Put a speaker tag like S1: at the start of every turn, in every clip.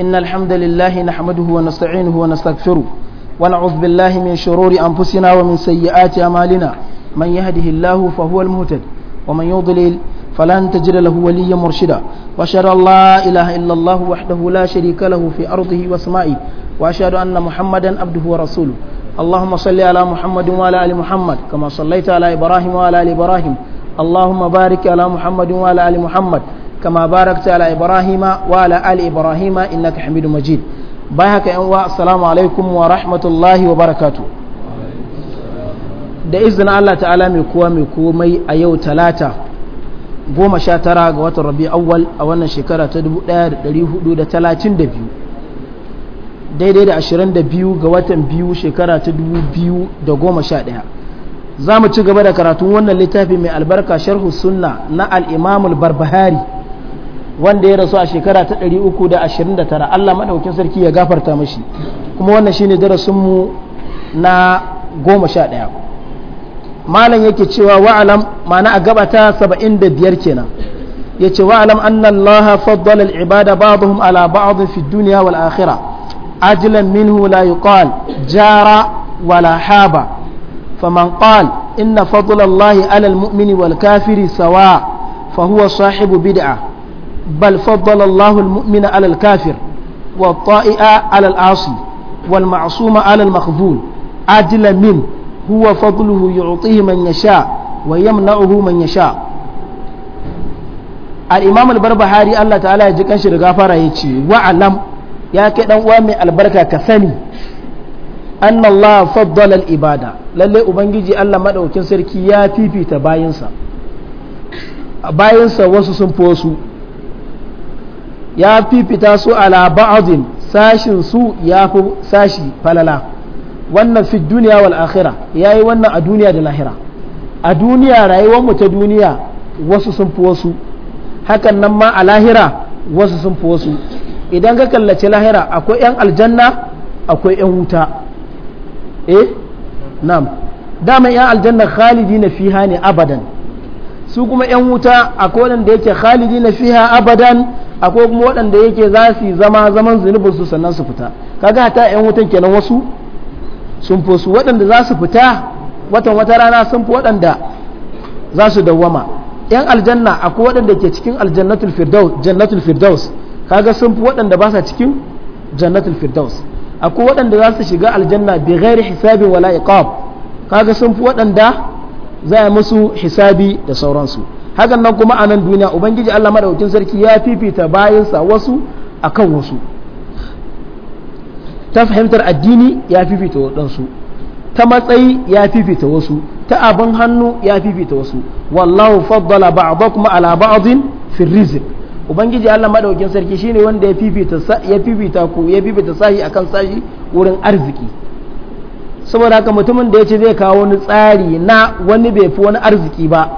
S1: إن الحمد لله نحمده ونستعينه ونستغفره ونعوذ بالله من شرور أنفسنا ومن سيئات أمالنا من يهده الله فهو المهتد ومن يضلل فلن تجد له وليا مرشدا وأشهد أن لا إله إلا الله وحده لا شريك له في أرضه وسمائه وأشهد أن محمدا عبده ورسوله اللهم صل على محمد وعلى آل محمد كما صليت على إبراهيم وعلى آل إبراهيم اللهم بارك على محمد وعلى آل محمد كما باركت على إبراهيم وعلى آل إبراهيم إنك حميد مجيد بايهك أنواع السلام عليكم ورحمة الله وبركاته da izinin Allah ta'ala mai kowa mai komai a yau talata goma sha tara ga watan rabi awwal a wannan shekara ta 1432 daidai da 22 ga watan biyu shekara ta 2011 za mu ci gaba da karatun wannan littafi mai albarka sharhu sunna na al al'imamul barbahari wanda ya rasu a shekara ta 329 Allah maɗaukin sarki ya gafarta mashi kuma wannan shine darasinmu na goma sha ɗaya malam yake cewa wa'alam ma'ana a gabata saba'in da biyar kenan ya ce wa'alam anna Allah faddala al'ibada ba'dhum ala ba'd fi dunya wal akhirah ajilan minhu la yuqal jara wala haba faman qala inna fadla Allah ala al-mu'mini wal kafiri sawa fa huwa sahibu bid'ah بل فضل الله المؤمن على الكافر والطائع على العاصي والمعصوم على المخذول أجل منه هو فضله يعطيه من يشاء ويمنعه من يشاء الإمام البربهاري الله تعالى يجيكن شرقا فرايتي وعلم يا كدن وامي البركة كثني أن الله فضل الإبادة للي أبنجي الله مدعو كنسر كياتي في تباينسا باينسا وسوسن فوسو ya fifita su ala ba'adin sashin su ya fi sashi falala wannan fi duniya wal akhira ya yi wannan a duniya da lahira a duniya rayuwarmu ta duniya wasu sun fi wasu hakan nan ma a lahira wasu sun fi wasu idan ka kallaci lahira akwai 'yan aljanna akwai 'yan wuta eh nam dama 'yan aljanna khalidi na fiha ne abadan su kuma yan wuta akwai waɗanda yake khalidi na fiha abadan akwai kuma waɗanda yake za su zama zaman zunubinsu su sannan su fita kaga ta yan wutan kenan wasu sun fi su waɗanda za su fita watan wata rana sun fi waɗanda za su dawwama yan aljanna akwai waɗanda ke cikin aljannatul firdaus jannatul firdaus kaga sun fi waɗanda ba sa cikin jannatul firdaus akwai waɗanda za su shiga aljanna bi ghairi hisabin wala iqab kaga sun fi waɗanda za a musu hisabi da sauransu hakan nan kuma a nan duniya ubangiji Allah madaukin sarki ya fifita bayansa wasu akan wasu ta fahimtar addini ya fifita waɗansu ta matsayi ya fifita wasu ta abin hannu ya fifita wasu wallahu faddala ba'dakum ala ba'din fi rizq ubangiji Allah madaukin sarki shine wanda ya fifita ya fifita ku ya fifita sahi akan sahi wurin arziki saboda haka mutumin da ya ce zai kawo wani tsari na wani bai fi wani arziki ba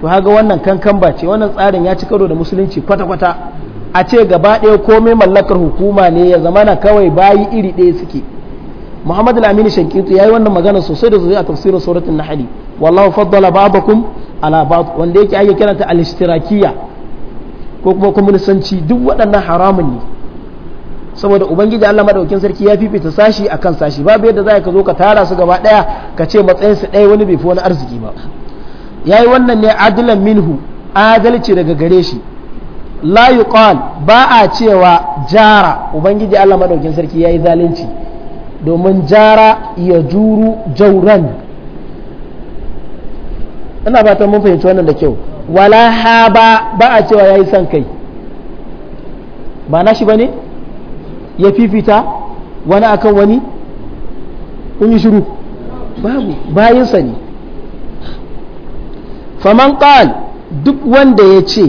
S1: to haga wannan kankan ba ce wannan tsarin ya ci karo da musulunci kwata-kwata a ce gaba ɗaya komai mallakar hukuma ne ya zama zamana kawai bayi iri ɗaya suke muhammad al-amini shankitu yi wannan magana sosai da zuwa a tafsirin suratul nahl wallahu faddala ba'dakum ala wanda yake ake kiranta al-ishtirakiyya ko kuma kwaminisanci duk waɗannan haramun ne saboda ubangiji Allah madaukin sarki ya fifita sashi akan sashi babu yadda za ka zo ka tara su gaba daya ka ce matsayin su ɗaya wani bai fi wani arziki ba yayi wannan ne adlan minhu adalci daga gare shi la yuqal ba a cewa jara ubangiji Allah madaukin sarki yayi zalunci domin jara ya juru jauran ina fatan mun fahimci wannan da kyau wala haba ba a cewa yayi san kai ba na shi bane ya fifita wani akan wani kun shiru babu bayansa ne faman qal duk wanda ya ce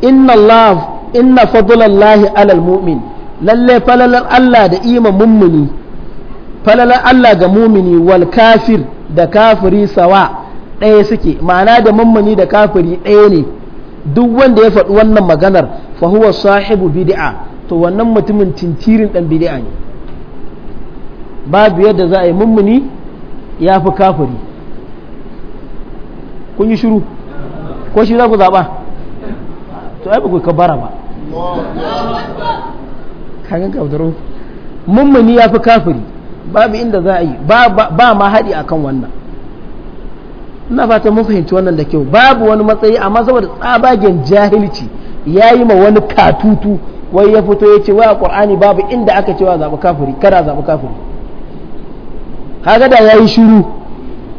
S1: inna Allah inna fadlallahi alal mu'min lalle falalar Allah da iman mummuni falalar Allah ga mumini wal kafir da kafiri sawa ɗaya suke ma'ana da mummuni da kafiri ɗaya ne duk wanda ya faɗi wannan maganar fa huwa sahibu bid'a to wannan mutumin tintirin dan bid'a ne babu yadda za a yi mummuni ya fi kafiri kun yi shiru ko shi za ku zaɓa to ai ba ku kabara ba kagan kabdaro mummuni ya fi kafiri babu inda za a yi ba ma haɗi akan wannan ina fata mun fahimci wannan da kyau babu wani matsayi amma saboda tsabagen jahilci ya yi ma wani katutu wai ya fito ya ce wai a qur'ani babu inda aka cewa zaɓi kafiri kada zaɓi kafiri kaga da yayi shiru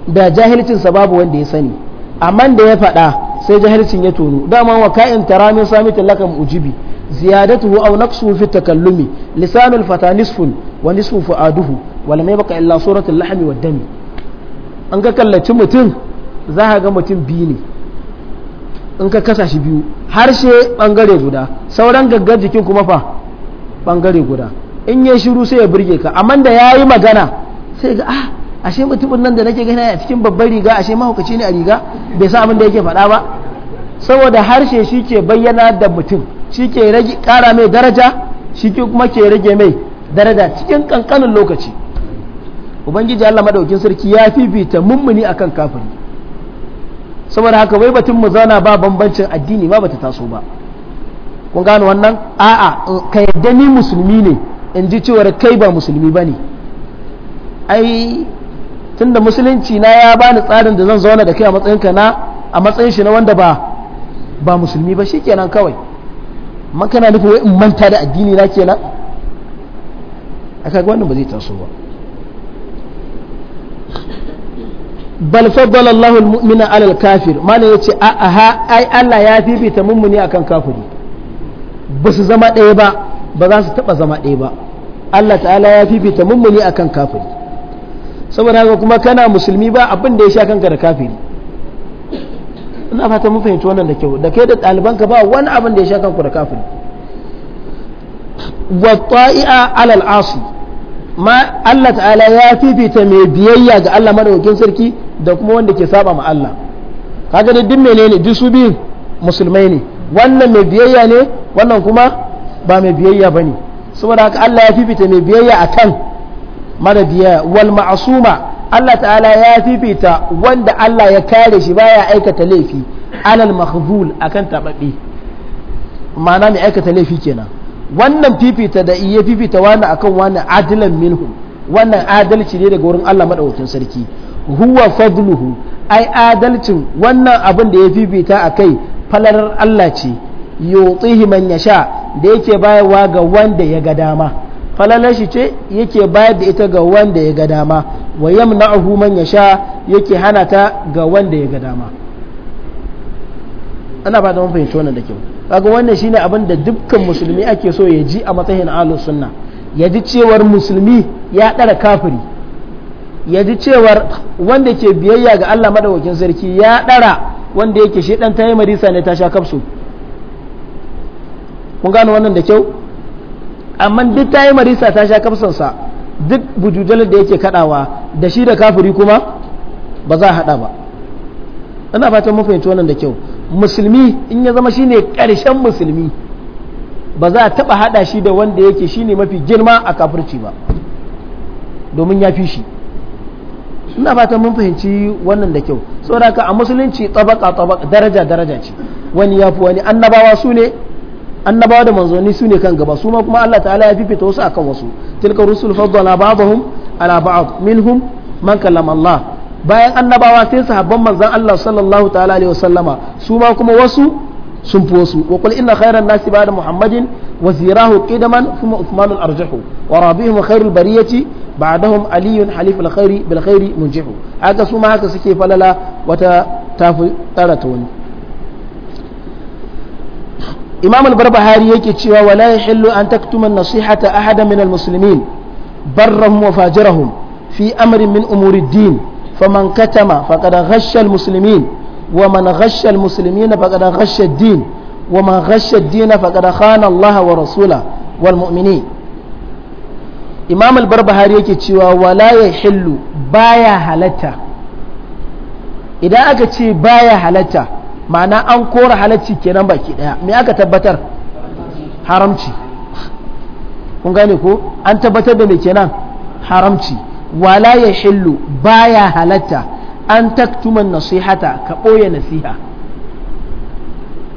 S1: da jahilcinsa babu wanda ya sani amma da ya faɗa sai jahilcin ya tono dama wa ka'in tara sami talakan lakam ujibi ziyadatuhu aw naqsuhu fi takallumi lisanul fata nisfun wa nisfu fu'aduhu wa lam yabqa illa suratul lahmi wad dami an ka kallaci mutum za ka ga mutum biyu ne in ka kasa shi biyu harshe bangare guda sauran gaggar jikin kuma fa bangare guda in ya shiru sai ya burge ka amma da ya yi magana sai ga ah ashe mutumin nan da nake gani a cikin babbar riga ashe mahaukaci ne a riga bai san abin da yake faɗa ba saboda harshe shi ke bayyana da mutum shi ke rage ƙara mai daraja shi ke kuma ke rage mai daraja cikin kankanin lokaci ubangiji allah madaukin sarki ya fifita mummuni akan kafiri saboda haka wai batun mu zauna ba bambancin addini ma bata taso ba kun gano wannan a'a ka yadda ni musulmi ne in ji cewar kai ba musulmi ba ne ai tunda musulunci na ya bani tsarin da zan zauna da kai a matsayinka na a matsayin shi na wanda ba ba musulmi ba shikenan kawai makana nufin wai in manta da addini na kenan aka ga wannan ba zai taso ba bal faddala Allahu al-mu'mina 'ala al-kafir mana yace a aha ai Allah ya fifita mummuni akan kafiri ba su zama ɗaya ba ba za su taba zama ɗaya ba Allah ta'ala ya fifita mummuni akan kafiri saboda haka kuma kana musulmi ba abin da ya sha kanka da kafiri ina fata mun fahimci wannan da kyau da kai da ɗalibanka ba wani abin da ya sha kanku da kafiri wa ta'i'a 'ala al-asi ma Allah ta'ala ya fifita mai biyayya ga Allah madaukakin sarki da kuma wanda ke saba ma Allah kaga da duk menene duk su bi musulmai ne wannan mai biyayya ne wannan kuma ba mai biyayya bane saboda haka Allah ya fifita mai biyayya akan mara biyayya wal ma'suma Allah ta'ala ya fifita wanda Allah ya kare shi baya aikata laifi alal mahzul akan tababbi ma'ana mai aikata laifi kenan wannan fifita da iya fifita wani akan wani adilan minhum wannan adalci ne daga wurin Allah madaukakin sarki huwa fadluhu ai adalcin wannan abin da ya fifita a kai falalar Allah ce yutihi man yasha da yake bayarwa ga wanda ya ga dama falalar shi ce yake bayar da ita ga wanda ya ga dama wa yamna'uhu man yasha yake hana ta ga wanda ya ga dama ana ba da mun fahimci wannan da kyau kaga wannan shine abin da dukkan musulmi ake so ya ji a matsayin ahlus sunna ya ji cewar musulmi ya ɗara kafiri ya ji cewar wanda ke biyayya ga Allah madawakin sarki ya ɗara wanda yake shi ɗan tayi marisa ne ta sha kafsu kun gano wannan da kyau amma duk tayi marisa ta sha kafsansa duk bujujal da yake kaɗawa da shi da kafiri kuma ba za a haɗa ba ina fatan mun fahimci wannan da kyau musulmi in ya zama shine ƙarshen musulmi ba za a taɓa haɗa shi da wanda yake shine mafi girma a kafirci ba domin ya fi shi ina fatan mun fahimci wannan da kyau saboda a musulunci tabaka tabaka daraja daraja ce wani ya fi wani annabawa su ne annabawa da manzanni su ne kan gaba su ma kuma Allah ta'ala ya fifita wasu akan wasu tilka rusul faddala ba'dahum ala ba'd minhum man kallama Allah bayan annabawa sai sahabban manzan Allah sallallahu ta'ala alaihi wasallama su ma kuma wasu sun fi wasu wa qul inna khayran nasi ba'da muhammadin wa zirahu qidaman kuma uthman arjahu wa rabihum khairul bariyati ba'dahum aliyun halif alkhairi bil khairi munjihu haka su ma haka suke falala wata tafi tsara ta wani imam al-barbahari yake cewa wala yahillu an taktuma nasihata ahada min al-muslimin barrahum wa fajirahum fi amrin min umuriddin din faman katama faqad ghashsha almuslimin wa man ghashsha almuslimina faqad ghashsha din wa man ghashsha ad-din faqad Allah wa rasula wal mu'minin Imam al-Barbahari yake cewa wala yahillu baya halatta idan aka ce baya halatta ma'ana an kora halacci kenan baki aka tabbatar haramci kun gane ko an tabbatar da me kenan haramci wala ya shillu baya halatta an taktuman nasihata ka ɓoye nasiha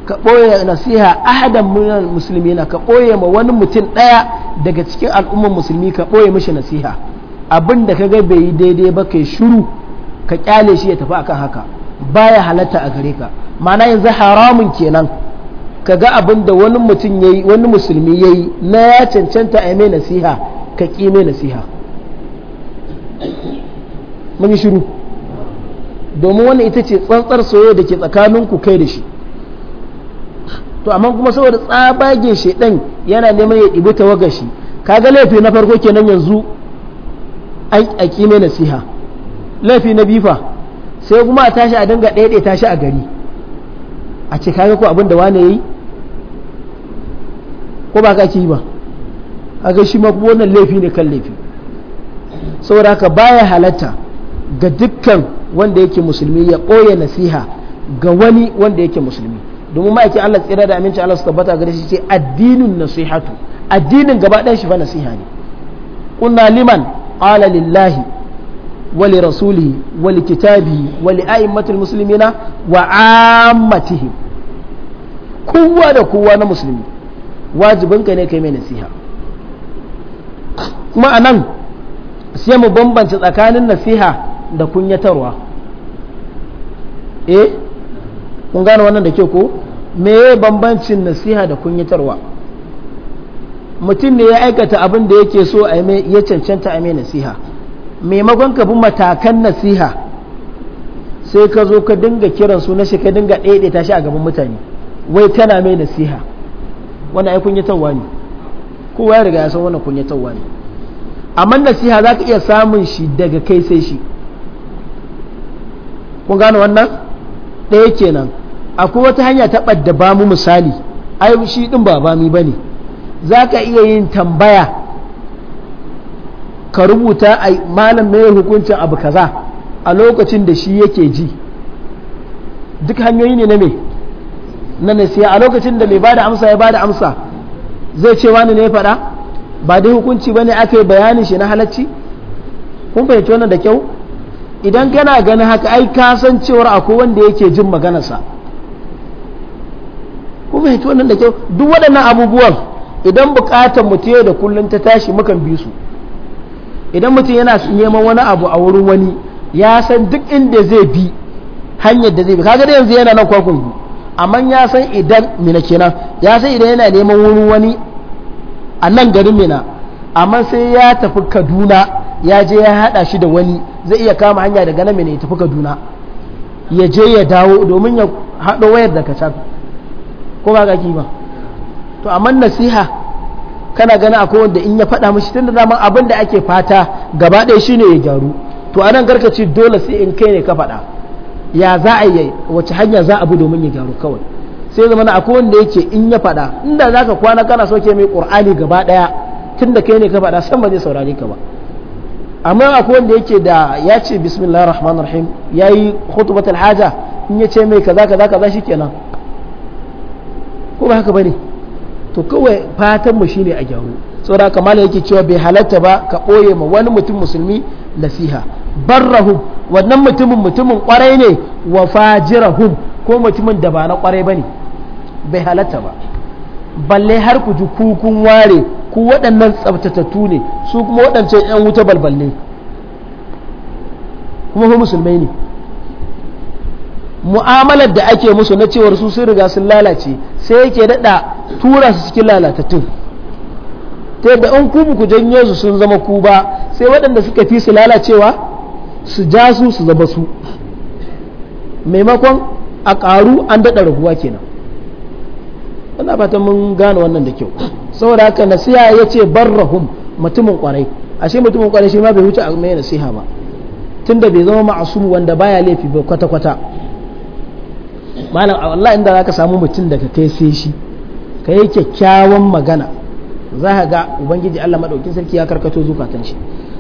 S1: ka ɓoye nasiha ahadan minan musulmi na ka ɓoye ma wani mutum ɗaya daga cikin al'ummar musulmi ka ɓoye mashi nasiha abin da ka ga bai yi daidai ba kai shiru ka kyale shi ya tafi akan haka baya halatta a gare ka ma'ana yanzu haramun kenan ka ga abin da wani mutum wani musulmi yayi na ya cancanta a mai nasiha ka ƙi mai nasiha mun yi shiru domin wannan ita ce tsantsar soyayya da ke tsakaninku kai da shi to amma kuma saboda tsabage shedan yana neman ya ɗibi tawagar shi kaga laifi na farko kenan yanzu an aki nasiha laifi na bifa sai kuma a tashi a dinga ɗaya tashi a gari a ce kaga ko abin da wane yayi ko ba ka ki ba a ga shi ma ko wannan laifi ne kan laifi saboda haka baya halatta ga dukkan wanda yake musulmi ya ɓoye nasiha ga wani wanda yake musulmi domin ma'aikin Allah tsira da aminci Allah su tabbata gare shi ce addinin nasihatu addinin gaba ɗan shi fa nasiha ne kunna liman qala lillahi wali li rasulihi wa li kitabihi wa li a'immatil muslimina wa kowa da kowa na musulmi wajibinka ne kai mai nasiha kuma anan sai mu bambance tsakanin nasiha da kunyatarwa eh kun gane wannan da ke ko meye bambancin nasiha da kunyatarwa mutum ne ya aikata abin da yake so a ya cancanta a mai nasiha maimakon ka bi matakan nasiha sai ka zo ka dinga kiran sunan shi ka dinga ɗaiɗaita shi a gaban mutane wai tana mai nasiha wani ai kunyatarwa ne kowa ya riga ya san wani kunyatarwa ne amma nasiha za ka iya samun shi daga kai sai shi kun gane wannan ɗaya kenan akwai wata hanya ta ɓadda ba mu misali ai shi ɗin ba bami ba ne za ka iya yin tambaya ka rubuta a malam mai hukuncin abu kaza a lokacin da shi yake ji duk hanyoyi ne na me na nasiha a lokacin da mai ba da amsa ya ba da amsa zai ce wani ne ya faɗa ba dai hukunci ba ne aka yi bayanin shi na halacci kun fahimci wannan da kyau idan kana ganin haka ai ka san cewar akwai wanda yake jin maganarsa kun fahimci wannan da kyau duk waɗannan abubuwan idan buƙatar yau da kullum ta tashi mukan bi su idan mutum yana neman wani abu a wurin wani ya san duk inda zai bi hanyar da zai bi kaga da yanzu yana nan kwakwun amma ya san idan mina kenan ya san idan yana neman wurin wani a nan garin mina amma sai ya tafi kaduna ya je ya hada shi da wani zai iya kama hanya daga nan mina ya tafi kaduna ya je ya dawo domin ya haɗo wayar da can, ko ba ga ba to amma nasiha kana gani akwai wanda in ya faɗa mishi tun da zaman abin da ake fata gaba ɗaya shine ya gyaru to anan nan ce dole sai in kai ne ka faɗa ya za a yi wace hanya za a bi domin ya gyaru kawai sai zama na akwai wanda yake in ya faɗa inda za ka kwana kana soke mai ƙur'ani gaba ɗaya tun da kai ne ka fada san ba zai saurare ka ba amma akwai wanda yake da ya ce bismillah rahman rahim yayi khutbatul haja in ya ce mai kaza kaza kaza nan ko ba haka ba ne to kawai fatan mu shine a gyaru saboda haka malam yake cewa bai halatta ba ka ɓoye ma wani mutum musulmi nasiha barrahum wannan mutumin mutumin kwarai ne wa fajirahum ko mutumin da ba na kwarai ne. bai halatta ba balle har ku ji kukun ware ku waɗannan tsabtatattu ne su kuma waɗancan 'yan wuta balbal ne kuma ku musulmai ne mu'amalar da ake musu na cewar su sun riga sun lalace sai yake daɗa tura su cikin lalatattun ta yadda in ku ku janye su sun zama ku ba sai waɗanda suka fi su lalacewa su ja su su zama su maimakon a ƙaru an daɗa raguwa kenan ina fata mun gane wannan da kyau saboda haka nasiha ya ce barrahum mutumin kwarai ashe mutumin kwarai shi ma bai wuce a mai nasiha ba tunda bai zama ma'asum wanda baya laifi ba kwata kwata malam wallahi inda zaka samu mutum daga kai sai shi ka yi kyakkyawan magana za ka ga ubangiji Allah madaukin sarki ya karkato zukatan shi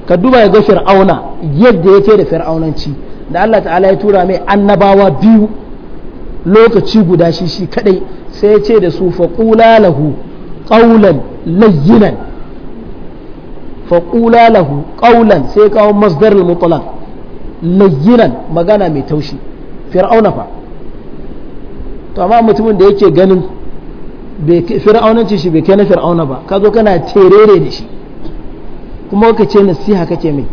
S1: ka duba ya ga fir'auna yadda ya kai da fir'aunanci da Allah ta'ala ya tura mai annabawa biyu lokaci guda shi shi kadai sai ce da su faƙula lahu ƙaunan layyinan faƙula lahu ƙaunan sai kawo masdar mutlaq layyinan magana mai taushi fir'auna fa to amma mutumin da yake ganin fir'aunanci shi bai kai na fir'auna ba ka zo kana terere da shi kuma ka ce nasiha kake mai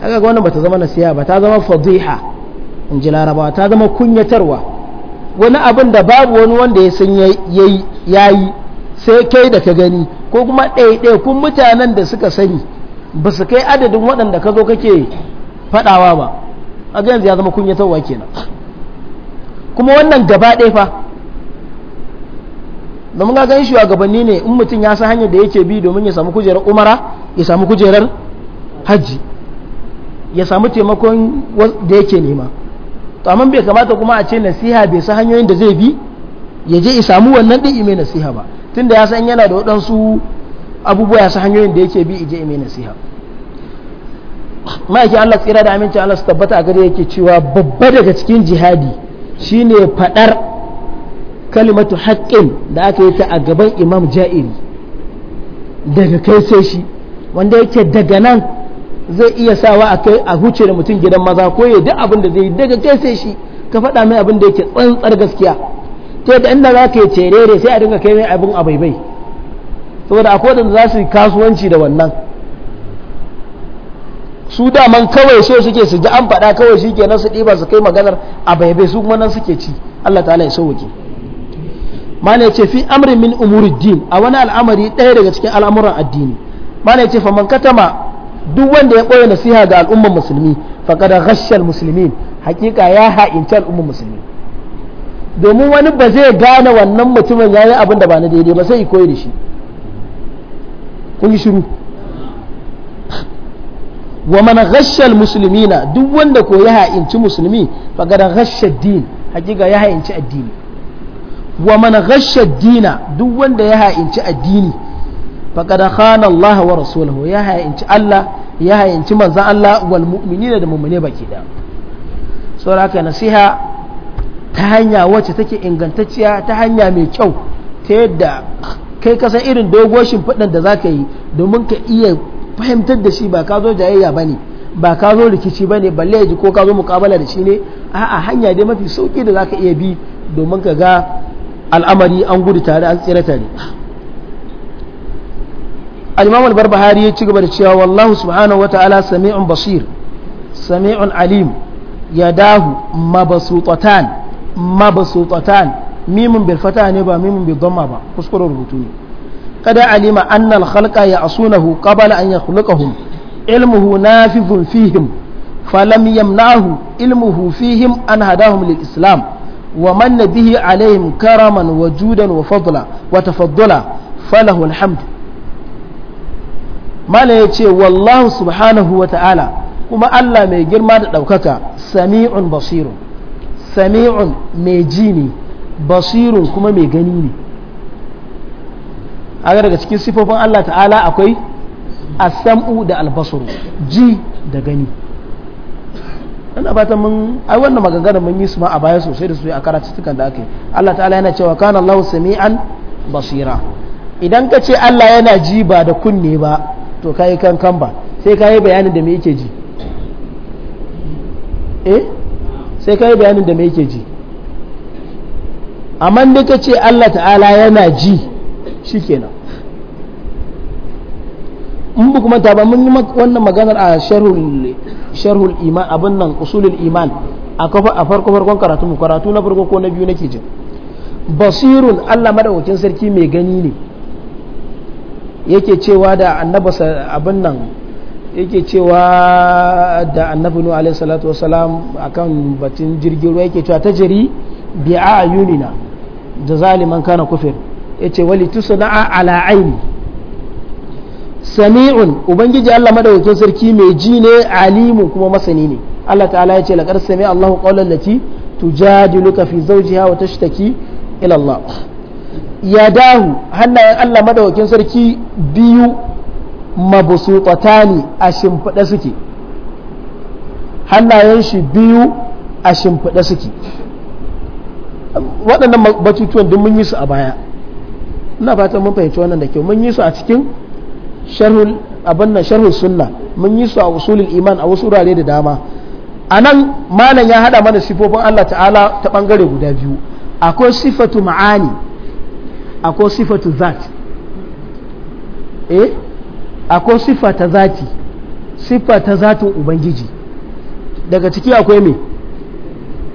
S1: haka wannan bata zama nasiha ba ta zama fadiha in ji larabawa ta zama kunyatarwa wani abin da babu wani wanda ya san ya yi sai kai da ka gani ko kuma kun mutanen da suka sani ba su kai adadin waɗanda ka zo kake faɗawa ba a yanzu ya zama kunyatarwa kenan kuma wannan gaba ɗaya fa domin ga ganin shugabanni ne in mutum ya san hanyar da yake bi domin ya samu kujerar umara ya samu kujerar hajji ya samu taimakon da yake nema to amma bai kamata kuma a ce nasiha bai san hanyoyin da zai bi ya je ya samu wannan din mai nasiha ba tunda ya san yana da waɗansu abubuwa ya san hanyoyin da yake bi je mai nasiha ma'aikin Allah tsira da aminci Allah su tabbata a gare yake cewa babba daga cikin jihadi shine fadar kalimatu haƙƙin da aka yi ta a gaban imam ja'iri daga kai sai shi wanda yake daga nan zai iya sawa a kai a huce da mutum gidan maza ko ya duk abin da zai daga kai sai shi ka faɗa mai abin da yake tsantsar gaskiya ta yadda inda za ka yi cerere sai a dinga kai mai abin abaibai saboda a kodin za su yi kasuwanci da wannan su daman kawai so suke su ji an faɗa kawai shi kenan su ɗiba su kai maganar abaibai su kuma nan suke ci Allah ta'ala ya sauwake mana ce fi amrin min umuriddin a wani al'amari ɗaya daga cikin al'amuran addini mana ce man katama duk wanda ya ɓoye nasiha ga al'ummar musulmi faƙada ghashal musulmin hakika ya ha'inci al'ummar musulmi domin wani ba zai gane wannan mutumin ya yi abin da ba na daidai ba sai ya koyi da shi kun yi shiru wa man ghashal muslimina duk wanda ko ya ha'inci musulmi faƙada ghashal din hakika ya ha'inci addini wa man ghashal dina duk wanda ya ha'inci addini faqad khana Allah wa rasuluhu ya hayyanci Allah ya hayyanci manzon Allah wal mu'minina da mu'mine baki da saboda haka nasiha ta hanya wacce take ingantacciya ta hanya mai kyau ta yadda kai ka san irin dogon shimfiɗan da zaka yi domin ka iya fahimtar da shi ba ka zo jayayya ba ne ba ka zo rikici ba ne balle ya ji ko ka zo mukabala da shi ne a'a hanya dai mafi sauki da zaka iya bi domin ka ga al'amari an gudu tare an tsira tare al-imam al-barbahari ya ci gaba da cewa wallahu subhanahu wa ta'ala sami'un basir sami'un alim ya mabsutatan mabsutatan mimun bil fata ne ba mimun bil dhamma ba kuskuren rubutu ne kada alima anna al-khalqa ya'sunahu qabla an yakhluqahum ilmuhu nafizun fihim falam yamnahu ilmuhu fihim an hadahum lil islam ومن به عليهم karaman wajudan وفضلا وتفضلا falahu الحمد mala ya ce wallahu subhanahu wa ta'ala kuma Allah mai girma da ɗaukaka sami'un basirun sami'un mai ji ne basirun kuma mai gani ne aga daga cikin sifofin Allah ta'ala akwai asam'u da albasuru ji da gani ina fatan mun ai wannan maganganu mun yi su ma a baya sosai da su a karatuttukan da ake Allah ta'ala yana cewa kana Allahu sami'an basira idan ka ce Allah yana ji ba da kunne ba to ka yi kankan ba sai ka yi bayanin da mai yake ji eh sai ka yi bayanin da mai yake ji amma da ka ce Allah ta'ala yana ji shi shikenan in bu kuma taba mun yi wannan maganar a sharhul sharhul iman abin nan usulul iman a kafa a farko farkon karatu mu karatu na farko ko na biyu nake jin basirun Allah madaukakin sarki mai gani ne yake cewa da annabasa abin nan yake cewa da annabi nuhu alaihi salatu wasalam akan batun jirgin ruwa yake cewa tajri bi da zaliman kana kufir yace wali tusna'a ala aini sami'un ubangiji Allah madaukakin sarki mai ji ne alimu kuma masani ne Allah ta'ala yace laqad sami Allahu qawlan lati tujadiluka fi zawjiha wa tashtaki ila Allah ya dahu hannayen Allah madawakin sarki biyu mabsutatani a shimfiɗe suke hannayen shi biyu a shimfiɗe suke waɗannan batutuwan duk mun yi su a baya ina fatan mun fahimci wannan da kyau mun yi su a cikin sharhul abin sharhul sunna mun yi su a usulul iman a wasu wurare da dama a nan malam ya hada mana sifofin Allah ta'ala ta ɓangare guda biyu akwai sifatu ma'ani akwai sifatu zati eh akwai sifa ta zati sifa ta zatin ubangiji daga ciki akwai me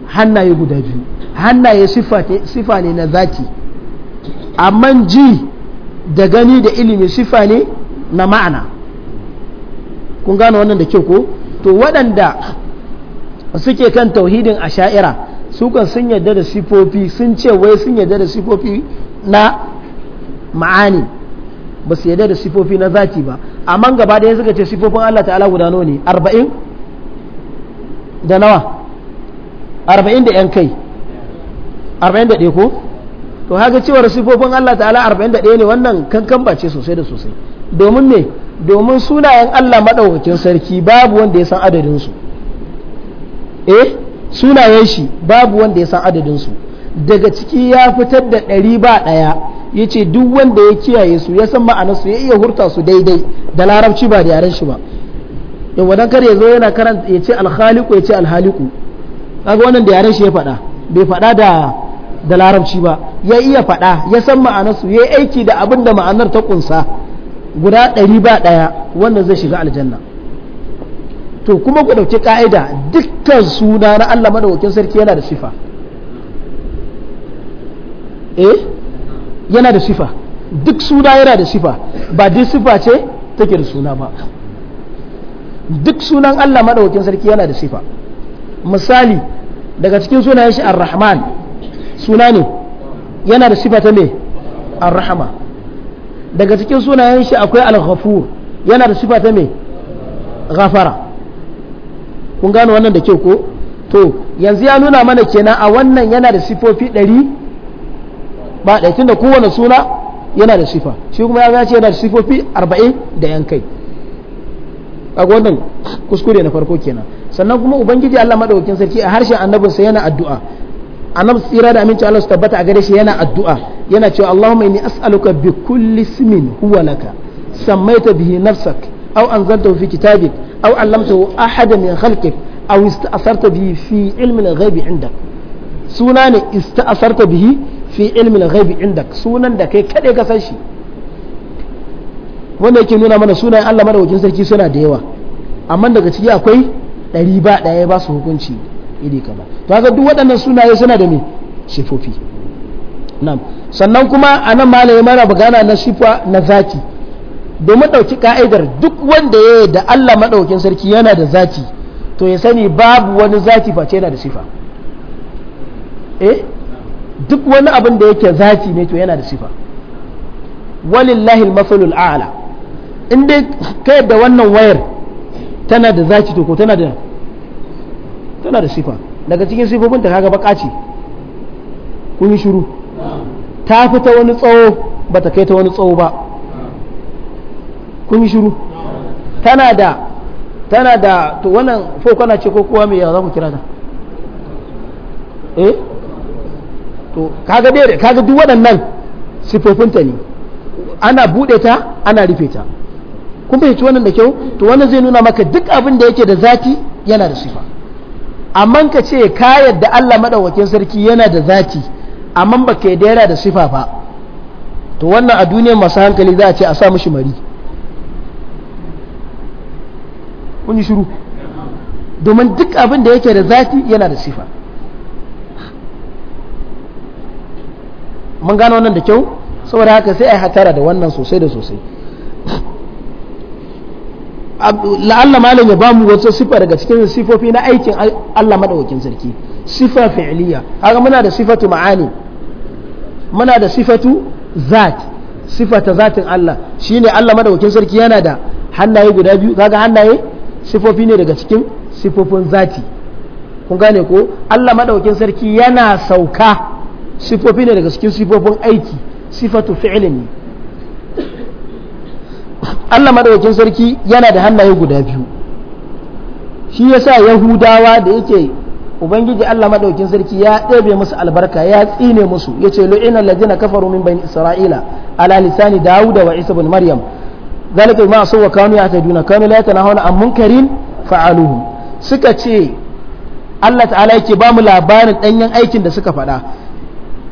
S1: hannaye guda biyu hannaye sifa ne na zati amma ji da gani da ilimi sifa ne na ma'ana kun gane wannan da kyau ko to waɗanda suke kan tauhidin asha'ira sukan sun yarda da sifofi sun ce wai sun yarda da sifofi na ma'ani ba su yadda da sifofi na zati ba amma gaba ɗaya suka ce sifofin Allah ta'ala guda ne arba'in da nawa arba'in da yan kai arba'in da ɗaya ko to haka cewar sifofin Allah ta'ala arba'in da ɗaya ne wannan kankan ba ce sosai da sosai domin me domin sunayen Allah maɗaukacin sarki babu wanda ya san adadinsu eh sunayen shi babu wanda ya san adadinsu daga ciki ya fitar da ɗari ba ɗaya ya ce duk wanda ya kiyaye su ya san su ya iya hurta su daidai da larabci ba da yaren shi ba yawa wadan kar ya zo yana karanta ya ce alhaliku ya ce alhaliku kaga wannan da yaren shi ya faɗa bai faɗa da da larabci ba ya iya faɗa ya san su. ya aiki da abin da ma'anar ta kunsa guda ɗari ba ɗaya wannan zai shiga aljanna to kuma ku ɗauki ka'ida dukkan suna na Allah madawakin sarki yana da sifa eh yana da sifa duk suna yana da sifa ba duk sifa ce take da suna ba duk sunan Allah madaukakin sarki yana da sifa misali daga cikin sunayen shi ar-rahman suna ne yana da sifa ta me ar-rahma daga cikin sunayen shi akwai al-ghafur yana da sifa ta me ghafara kun gano wannan da kyau ko to yanzu ya nuna mana kenan a wannan yana da sifofi ɗari ba ɗaya tunda kowane suna yana da sifa shi kuma ya ce yana da sifofi arba'in da yan kai kaga wannan kuskure na farko kenan sannan kuma ubangiji Allah madaukakin sarki a harshen annabinsa yana addu'a annabi tsira da aminci Allah su tabbata a gare shi yana addu'a yana cewa Allahumma inni as'aluka bi kulli ismin huwa laka sammaita bihi nafsak aw anzaltahu fi kitabik aw allamtahu ahadan min khalqik aw ista'sarta bihi fi ilmi al-ghaibi indak suna ne ista'sarta bihi fi ilmin ghaibi indak sunan da kai kade ka san shi wanda yake nuna mana sunayen Allah madaukakin sarki suna da yawa amma daga ciki akwai ɗari ba ɗaya ba su hukunci iri kaza to haka duk waɗannan sunaye suna da me shifofi. na'am sannan kuma anan nan malami mana bugana na shifwa na zaki domin ɗauki ka'idar duk wanda ya da Allah maɗaukin sarki yana da zaki to ya sani babu wani zaki face yana da sifa eh duk wani abin da yake zati ne to yana da sifa walillahi al-masalul a'la in dai ka yadda wannan wayar tana da zati to ko tana da tana da sifa daga cikin sifofin ta kaga baka ce kun yi shiru ta fi ta wani tsawo ba ta kai ta wani tsawo ba kun yi shiru tana da tana da to wannan kana ce ko kowa mai ya za ku kira ta eh to kaga dai kaga duk waɗannan sifofinta ne ana buɗe ta ana rufe ta kun fahimci wannan da kyau to wannan zai nuna maka duk abin da yake da zati yana da sifa amma ka ce ka yadda Allah madawakin sarki yana da zati amma baka yadda yana da sifa ba to wannan a duniya masu hankali za a ce a sa mishi mari kun yi shiru domin duk abin da yake da zati yana da sifa mun gano wannan da kyau saboda haka sai ai hatara da wannan sosai da sosai la'alla malam ya mu wata sifa daga cikin sifofi na aikin Allah madawakin sarki sifa fi'liya haka muna da sifatu ma'ani muna da sifatu zat sifata ta zatin Allah shine Allah madawakin sarki yana da hannaye guda biyu kaga hannaye sifofi ne daga cikin sifofin zati kun gane ko Allah madawakin sarki yana sauka sifofi ne daga cikin sifofin aiki sifatu fi'ilin ne Allah madaukakin sarki yana da hannaye guda biyu shi yasa yahudawa da yake ubangiji Allah madaukakin sarki ya ɗebe musu albarka ya tsine musu yace lu'ina allazina kafaru min bani isra'ila ala lisani dawuda wa isa ibn maryam zalika bima asaw wa kanu yahtaduna kanu la yatanahuna an munkarin fa'aluhu suka ce Allah ta'ala yake ba mu labarin danyen aikin da suka faɗa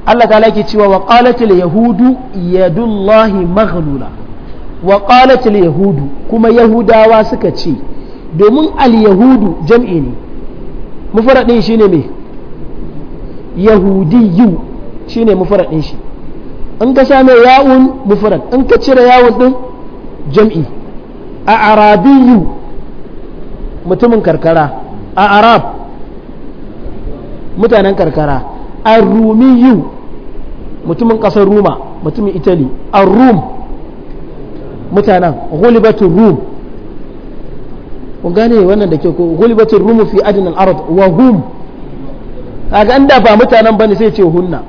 S1: Allah ta yake cewa wa qalatil yahudu yadullahi maghlula wa qalatil yahudu kuma yahudawa suka ce domin al yahudu jam'i ne shi ne me yahudiyu shi shine mufradin shi in ka sha mai yawun mufrad in ka cire yawun din jam'i a arabiyu mutumin karkara a arab mutanen karkara a rumiyu mutumin kasar roma mutumin italy a rum mutanen gulibatun rum kun gane wannan da ke ko gulibatun rum fi adin al'arab wa hum kaga inda ba mutanen bane sai ce hunna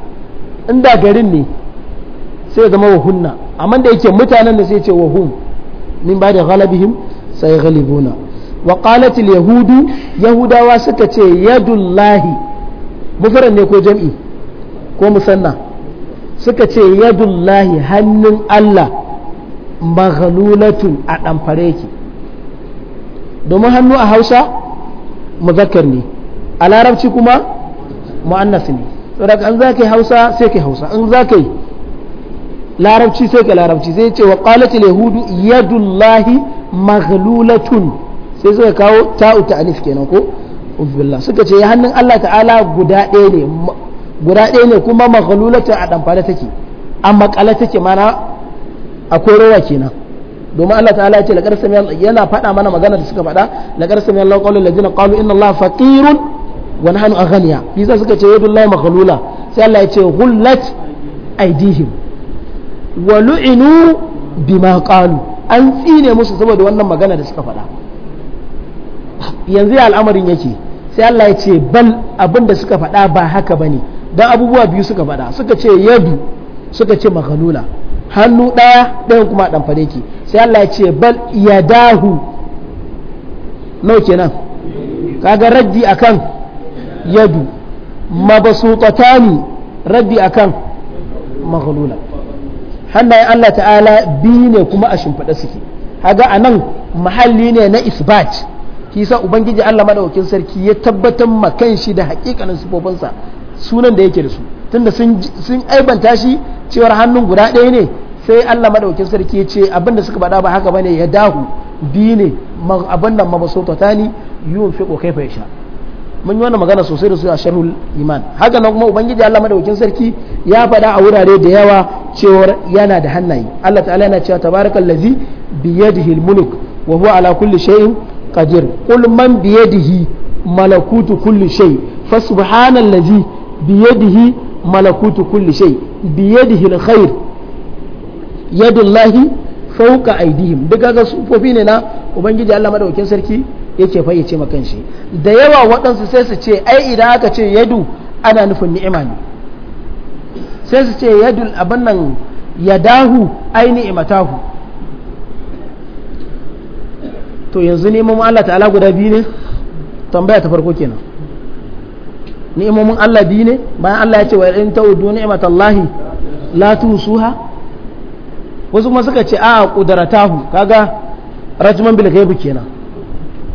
S1: inda garin ne sai zama wa hunna amma da yake mutanen da sai ce wa hum min ba da ghalabihim sai ghalibuna wa qalat al yahudu yahudawa suka ce yadullahi mufrad ne ko jam'i ko musanna suka ce yadullahi hannun Allah maghalulatun a ɗanfare ki domin hannu a hausa muzakkar ne a larabci kuma mu'annas ne saboda an za ka yi hausa sai ka hausa an za ka yi larabci sai ka larabci sai ce wa qalatil yahudu yadullahi maghlulatun sai suka kawo ta'u ta'anif kenan ko ubillah suka ce hannun Allah ta'ala guda ɗaya ne guda ɗaya ne kuma maghlulata a damfare take an makala take mana akwai rawa kenan domin Allah ta'ala ce laqad sami yana faɗa mana magana da suka faɗa laqad sami Allah qawlan ladina qalu inna Allah faqirun wa nahnu aghniya bisa suka ce yadullahi maghlula sai Allah ya ce hullat aidihim wa lu'inu bima qalu an tsine musu saboda wannan magana da suka faɗa yanzu al'amarin yake sai Allah ya ce bal abinda da suka faɗa ba haka bane dan abubuwa biyu suka faɗa suka ce yadu suka ce maghalula hannu ɗaya ɗayan kuma ɗan fare ki sai Allah ya ce bal yadahu nau kenan kaga raddi akan yadu mabsutatani raddi akan maghalula hannaye Allah ta'ala biyu ne kuma a shimfiɗa suke haga anan mahalli ne na isbat kisa ubangiji Allah madaukin sarki ya tabbatar ma shi da haƙiƙanin sifofinsa sunan da yake da su tunda sun aibanta shi cewar hannun guda ɗaya ne sai Allah Maɗaukin sarki ya ce abin da suka faɗa ba haka bane ya dahu biyu ne abin da mabasota ta ni yiwu fi ƙoƙai fa sha mun yi wannan magana sosai da su a sharhul iman haka nan kuma ubangiji Allah Maɗaukin sarki ya faɗa a wurare da yawa cewar yana da hannaye Allah ta'ala yana cewa tabarakallazi biyadihi almulk wa huwa ala kulli shay'in qadir qul man biyadihi malakutu kulli shay fa subhanallazi بيده malakutu kulli شيء بيده الخير yadullahi الله aidihim duk ga sufofi ne na ubangiji Allah madaukakin sarki yake yace ma kanshi da yawa waɗansu sai su ce ai idan aka ce yadu ana nufin ni'ima ne sai su ce yadu abin nan yadahu ai ni'imatahu to yanzu neman Allah ta'ala guda biyu ne tambaya ta farko kenan ni'imomin Allah biyu ne bayan Allah ya ce wa in ta'udu ni'matallahi la tusuha wasu kuma suka ce a qudratahu kaga rajman bil ghaib kenan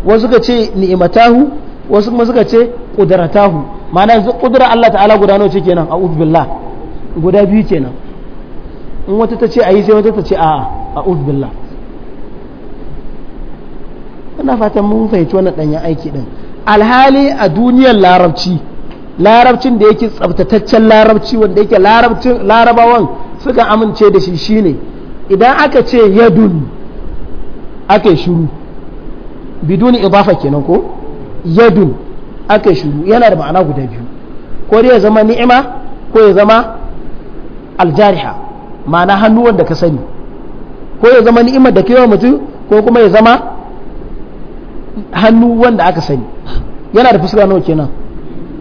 S1: wasu suka ce ni'matahu wasu kuma suka ce qudratahu ma'ana yanzu qudrar Allah ta'ala guda nawa ce kenan a'udhu billah guda biyu kenan in wata ta ce ayi sai wata ta ce a'a a'udhu billah ina fatan mun fahimci wannan danyen aiki din alhali a duniyar larabci larabcin da yake tsabtataccen larabci wanda yake larabcin larabawan suka amince da shi shine idan aka ce yadun aka shiru biduni idafa kenan ko yadun aka shiru yana da ma'ana guda biyu ko dai ya zama ni'ima ko ya zama aljariha ma'ana hannu wanda ka sani ko ya zama ni'ima da kewa mutum ko kuma ya zama hannu wanda aka sani yana da fuska nawa kenan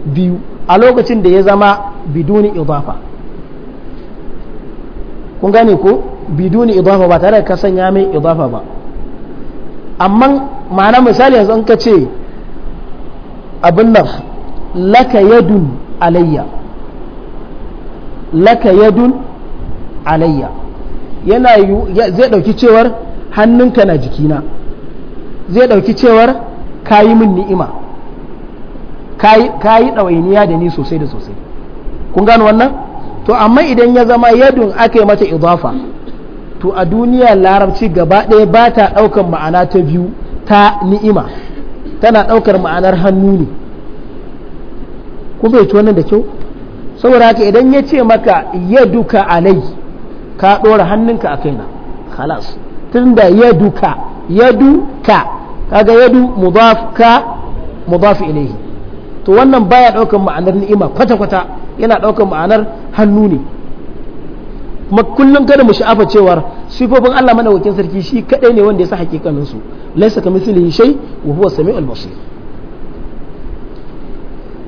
S1: biyu a lokacin da ya zama biduni idafa kun gane ku biduni idafa ba tare da ka sanya mai idafa ba amma ma'ana misali yanzu an ka ce abin nan laka yadun alayya laka yadun alayya yana zai dauki cewar hannunka na jikina zai dauki cewar kayi min ni'ima ka yi ɗawainiya da ni sosai da sosai kun gano wannan to amma idan ya zama yadun aka yi mata idafa to a duniya larabci gaba ɗaya ba ta ɗaukar ma'ana ta biyu ta ni'ima tana ɗaukar ma'anar hannu ne kuma bai wannan da kyau saboda haka idan ya ce maka ya duka alai ka ɗora hannunka a kaina halas tunda ya duka kaga yadu mudaf ka mudaf ilaihi to wannan baya daukan ma'anar ni'ima kwata-kwata yana daukan ma'anar hannu ne kuma kullum kada mu sha'afa cewar sifofin Allah madaukakin sarki shi kadai ne wanda ya sa hakikanin su laysa kamithlihi shay wa huwa samiul basir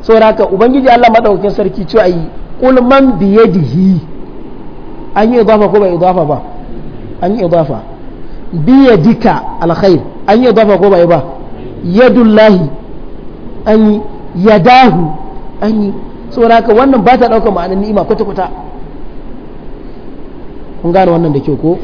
S1: saboda haka ubangiji Allah madaukakin sarki cewa yi qul man biyadihi an yi idafa ko ba idafa ba an yi idafa biyadika alkhair an yi idafa ko ba yi ba yadullahi an yi ya dahu an yi saboda haka wannan ba ta ɗaukar ma'anar ni'ima kwata-kwata kun gane wannan da ke ko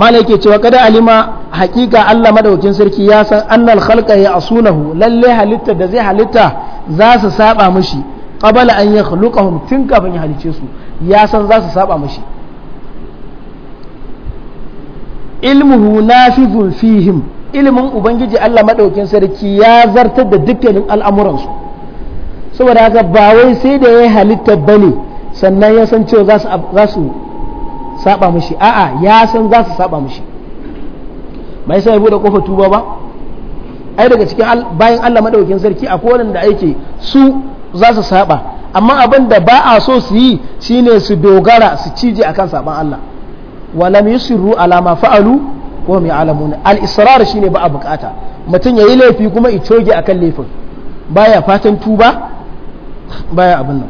S1: mala yake cewa kada alima haƙiƙa Allah madaukin sarki ya san annal khalqa ya asunahu lalle halitta da zai halitta za su saba mashi qabala an yakhluqahum tun kafin ya halice su ya san za su saba mashi. ilmuhu nafizun fihim ilimin ubangiji Allah madaukin sarki ya zartar da dukkanin al'amuransu saboda haka ba wai sai da ya halitta bane sannan ya san cewa za su saba mishi a'a ya san za su saba mishi bai sai bude kofar tuba ba ai daga cikin bayan Allah madaukin sarki akwai wanda ake su za su saba amma abin da ba a so su yi shine su dogara su cije akan saban Allah wala yusirru ala ma fa'alu ko mai alamun al shi ne ba a bukata mutum ya yi laifi kuma i coge a kan laifin baya fatan tuba baya abin nan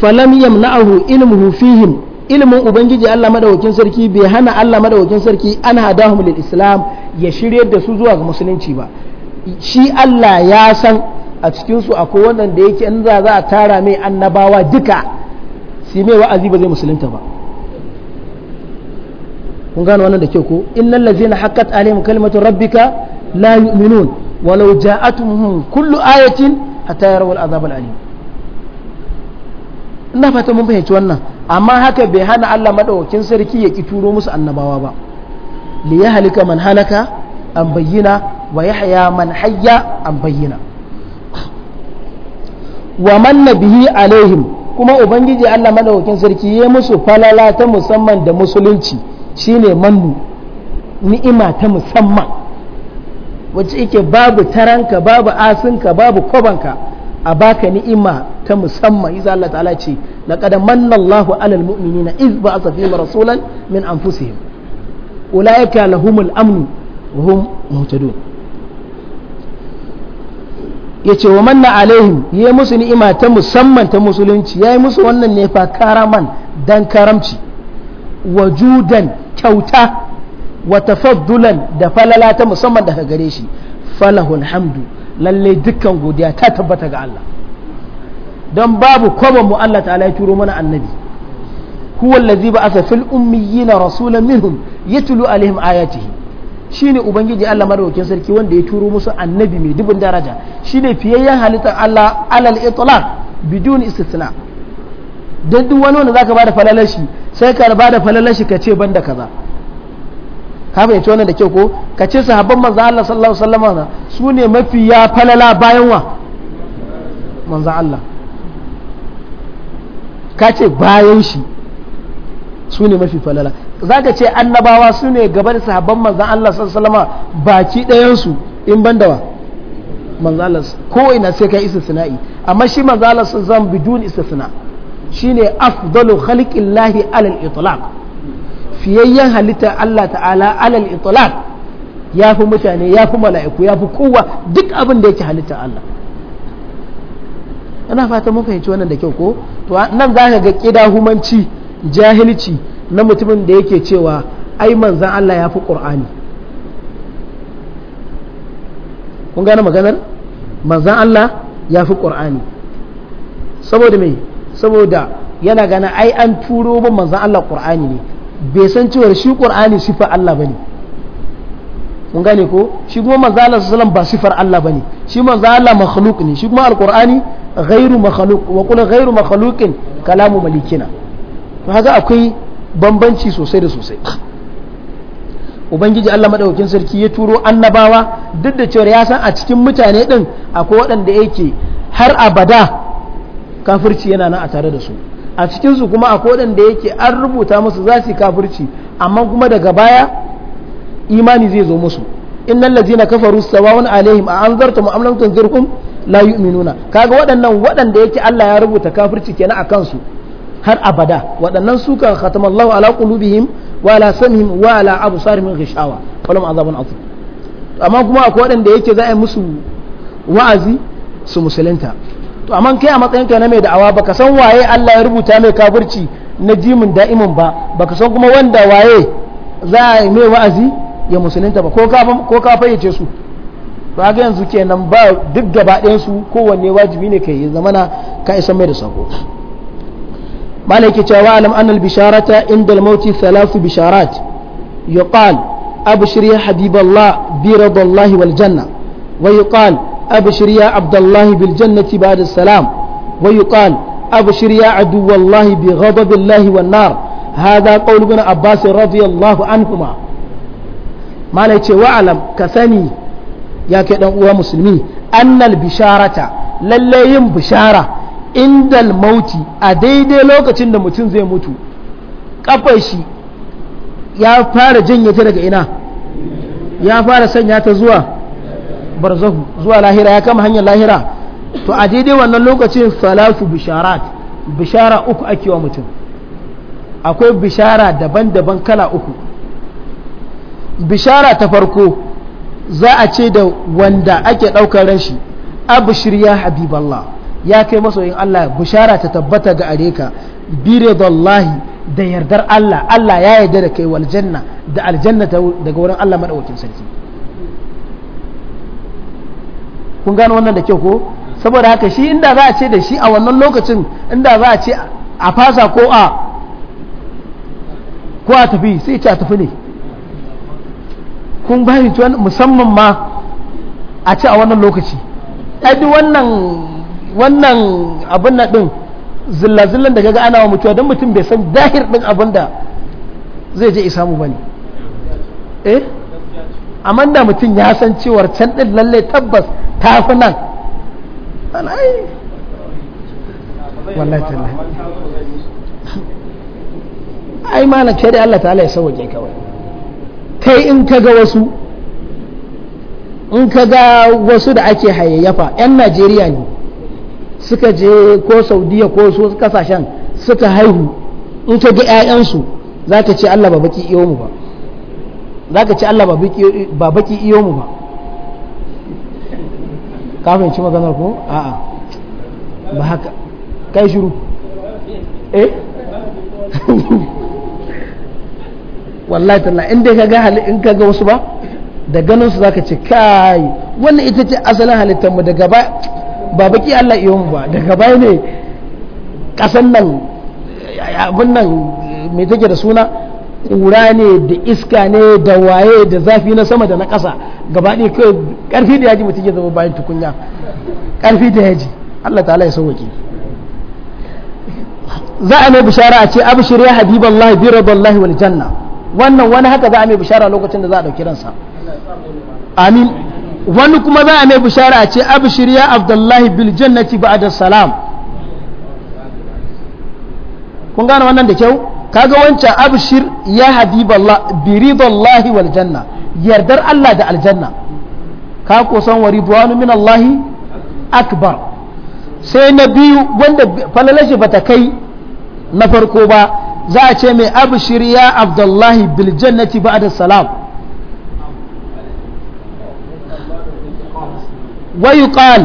S1: falam na'ahu ilmuhu fihim ilmin ubangiji Allah madawakin sarki bai hana Allah madawakin sarki an hadahum lil islam ya shirye da su zuwa ga musulunci ba shi Allah ya san a cikinsu su akwai waɗanda yake in za a tara mai annabawa duka sai mai wa'azi ba zai musulunta ba kun gano wannan da ke ko innal ladzina haqqat alaihim kalimatu rabbika la yu'minun walau ja'atuhum kullu ayatin hatta yarawu al'azab al'alim ina fata mun fahimci wannan amma haka bai hana Allah madaukakin sarki ya ki turo musu annabawa ba li yahlika man halaka an bayyana wa yahya man hayya an bayyana wa manna bihi alaihim kuma ubangiji Allah madaukakin sarki ya musu falala ta musamman da musulunci shine mannu ni'ima ta musamman wacce yake babu taranka babu asinka babu kwabanka a baka ni'ima ta musamman isa Allah ta'ala ce laqad manna Allahu 'alal mu'minina iz ba'atha fihim rasulan min anfusihim ulaika lahumul amnu wa hum Ya ce wa manna alaihim yayi musu ni'ima ta musamman ta musulunci ya yi musu wannan ne fa karaman dan karamci wajudan kyauta wata tafaddulan da falala ta musamman daga gare shi falahun hamdu lalle dukkan godiya ta tabbata ga Allah don babu kwaba mu Allah ta'ala ya turo mana annabi huwa allazi ba'atha fil ummiyina rasulan minhum yatlu alaihim shi ne ubangiji Allah madaukakin sarki wanda ya turo musu annabi mai dubin daraja shi ne fiyayyen halittar Allah alal itlaq bidun istisna' don duk wani wanda zaka bada falalashi sai ka bada falalashi ka ce da kaza ka fahimci wannan da kyau ko ka ce sahabban manzo Allah sallallahu alaihi wasallam su ne mafi ya falala bayan wa manzo Allah ka ce bayan shi su ne mafi falala za ka ce annabawa su ne gaba da sahabban manzan Allah sallama baki ɗayansu in ban da wa manzan Allah ko ina sai ka isa amma shi manzan Allah sun zan bidun isa shine afdalu lahi alal itulak fiyayyen halittar Allah ta'ala alal itulak ya fi mutane ya fi mala'iku ya fi kowa duk abin da yake halittar Allah ana fata mun fahimci wannan da kyau ko to nan za ka ga kida humanci jahilci na mutumin da yake cewa ai manzan Allah ya fi qur'ani kun gane maganar manzan Allah ya fi qur'ani saboda me saboda yana gana ai an turo ba manzan Allah Qur'ani ne bai san cewar shi Qur'ani sifar Allah bane mun gane ko shi kuma manzan Allah sallallahu ba sifar Allah bane shi manzan Allah makhluk ne shi kuma alqur'ani ghairu makhluk wa qul ghairu makhlukin kalamu malikina to haka akwai bambanci sosai da sosai ubangiji Allah madaukakin sarki ya turo annabawa duk da cewa ya san a cikin mutane din akwai waɗanda yake har abada kafirci yana nan a tare da su a cikinsu kuma akwai waɗanda yake an rubuta musu za su kafirci amma kuma daga baya imani zai zo musu innal ladzina kafaru sawa'un alaihim a anzartum am lam tunzirkum la yu'minuna kaga waɗannan waɗanda yake Allah ya rubuta kafirci kenan akan su har abada waɗannan su kan khatamallahu ala qulubihim wa ala sam'ihim wa ala absarihim ghishawa walum azabun azim amma kuma akwai waɗanda yake za a yi musu wa'azi su musulunta to amma kai a matsayin ka na mai da'awa baka san waye Allah ya rubuta mai kafirci na jimin da'imin ba baka san kuma wanda waye za a yi mai wa'azi ya musulunta ba ko ka fayyace su ba ga yanzu kenan ba duk gaba ɗayan su kowanne wajibi ne kai zamana ka isa mai da sako malaki cewa alam annal bisharata inda al-mauti thalathu bisharat yuqal abshir ya habiballah bi radallahi wal janna wa yuqal أبشر يا عبد الله بالجنة بعد السلام ويقال أبشر يا عدو الله بغضب الله والنار هذا قول ابن عباس رضي الله عنهما ما ليتي وعلم كثني يا كدن uwa musulmi annal bisharata lallai yin bishara indal mauti a daidai lokacin da mutum zai mutu kafar shi ya fara janye ta daga ina ya fara sanya ta zuwa barzahu zuwa lahira ya kama hanyar lahira to a daidai wannan lokacin salatu bisharat bishara uku ake wa mutum akwai bishara daban-daban kala uku bishara ta farko za a ce da wanda ake ɗaukar ran shi abishir ya habiballah ya kai masoyin Allah bishara ta tabbata ga areka bire da yardar Allah Allah ya yarda da kai waljanna da aljanna daga wurin Allah maɗaukakin sarki kun gano wannan da kyau ko saboda haka shi inda za a ce da shi a wannan lokacin inda za a ce a fasa ko a ko a tafi sai ce a tafi ne kun bayan musamman ma a ce a wannan lokaci ɗadi wannan wannan abin na ɗin zillazillan da gaga ana wa mutuwa don mutum bai san dahir ɗin abin da zai je isa mu ba ne eh amma da mutum ya san cewar can ɗin lallai tabbas ta nan alai wallahi tallahi ai mana ce da Allah ta'ala ya sauke kawai kai in ka ga wasu in ka ga wasu da ake hayayyafa 'yan najeriya ne suka je ko saudiya ko su kasashen suka haihu in ka ga ƴaƴansu za ka ce allah ba baki iyo mu ba za ka ce allah ba baki iyo mu ba ka ci maganar ko a'a ba haka kai shiru eh wallahi talla inda ka ga hali in ga wasu ba da ganin su zaka ce kai wannan ita ce asalin halittar mu daga ba ba baki Allah iyo mu ba daga ba ne kasan nan abun nan me take da suna kura ne da iska ne da waye da zafi na sama da na kasa gaba ne. kai karfi da yaji mutum ya zama bayan tukunya karfi da yaji Allah ta'ala ya sauwake za a mai bishara a ce abshir ya habiballah bi radallahi wal janna wannan wani haka za a mai bishara lokacin da za a dauki ransa amin wani kuma za a mai bishara a ce abshir ya abdullahi bil jannati ba'da salam kun gane wannan da kyau kaga wancan abshir ya habiballah bi ridallahi wal janna yardar Allah da aljanna ka ko san wa ridwanu min Allah akbar sai na biyu wanda falalashi bata kai na farko ba za a ce mai abshir ya abdullahi bil jannati ba'da salam wa yuqal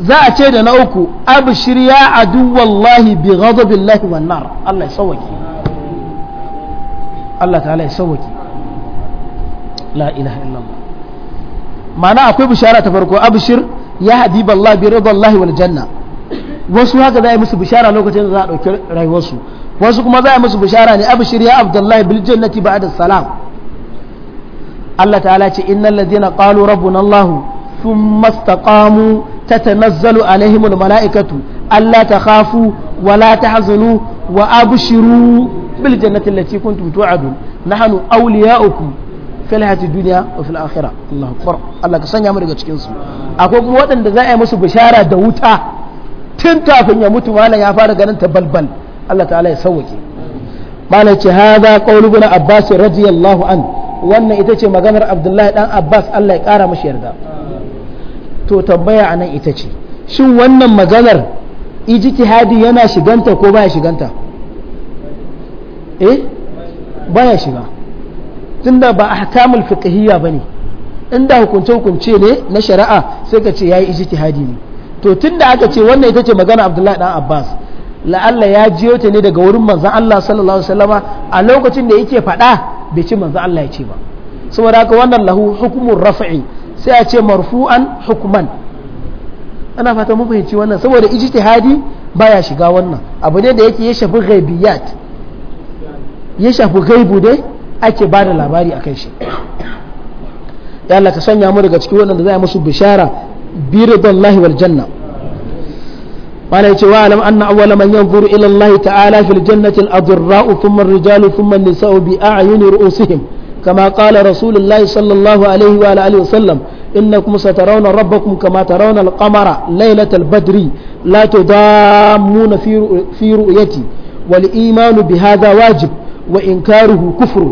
S1: za a ce da na uku abshir ya aduwallahi bi ghadabillahi wan nar Allah ya sauwaki Allah ta'ala ya sauwaki la ilaha illallah ma'ana akwai bishara ta farko abshir ya habiballah bi ridallahi wal janna wasu haka za a yi musu bishara lokacin da za a ɗauki rayuwarsu wasu kuma za a yi musu bishara ne abshir ya abdullahi bil jannati ba'da salam Allah ta'ala ce innal ladina qalu rabbuna Allah thumma istaqamu tatanazzalu alaihim al mala'ikatu alla takhafu wa la tahzanu wa abshiru bil jannati allati kuntum tu'adun nahnu awliya'ukum fil daga cikin akwai kuma waɗanda za a yi musu bishara da wuta tun kafin ya mutu malam ya fara ganin ta malam ce hada qawlu ibn abbas an wannan ita abdullahi dan abbas Allah ya kara mashi to tambaya anan ita shin wannan maganar yana tunda ba ahkamul ne in inda hukunce hukunce ne na shari'a sai ka ce yi ijtihadi ne to tunda aka ce wannan ita ce magana Abdullahi dan Abbas la'alla ya jiyo ta ne daga wurin manzon Allah sallallahu alaihi wasallama a lokacin da yake faɗa bai ci manzon Allah ya ce ba saboda haka wannan lahu hukumur raf'i sai a ce marfu'an hukuman. ana fata mun fahimci wannan saboda ijtihadi baya shiga wannan abu ne da yake ya shafi ghaibiyat ya shafi ghaibu dai ake ba da labari kan shi ya Allah ka sanya mu daga cikin waɗanda za a musu bishara bi ridallahi wal janna wala yace wa alam anna awwala man yanzuru ila Allah ta'ala fil jannati al thumma ar-rijalu thumma an-nisa'u bi a'yuni ru'usihim kama qala rasulullahi sallallahu alaihi wa alihi wa sallam إنكم سترون ربكم كما ترون القمر ليلة البدر لا تضامون في رؤيتي والإيمان بهذا واجب وإنكاره كفر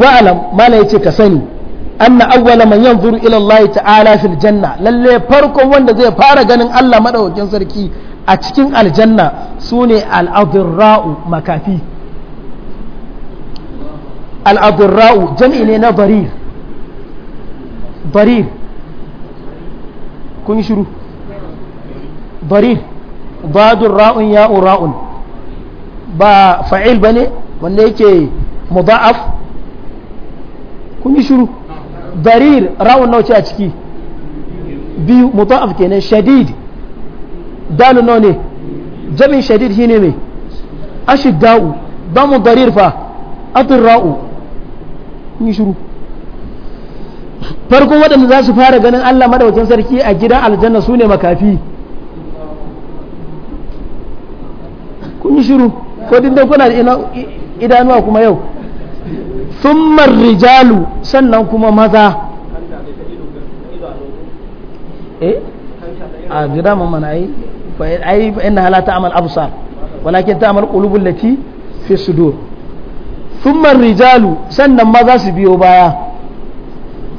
S1: wa'alam mala yace ka sani anna awwala man yanzuru ila Allah ta'ala fil janna lalle farkon wanda zai fara ganin Allah madaukakin sarki a cikin aljanna sune al-adirra'u makafi al-adirra'u jam'i ne na barir barir kun shiru barir badur ra'un ya'u ra'un ba fa'il bane wanda yake mudha'af kun yi shiru darir rawun nauce a ciki biyu muta'af kenan shadid dalu nau ne jabin shadid ne mai ashidda'u damu darir fa ra'u kun yi shiru farkon waɗanda za su fara ganin Allah madaukin sarki a gidan aljanna su ne makafi kun yi shiru ko dindin kuna da idanuwa kuma yau thumma rijalu sannan kuma maza a ai lati fi sudur rijalu sannan maza su biyo baya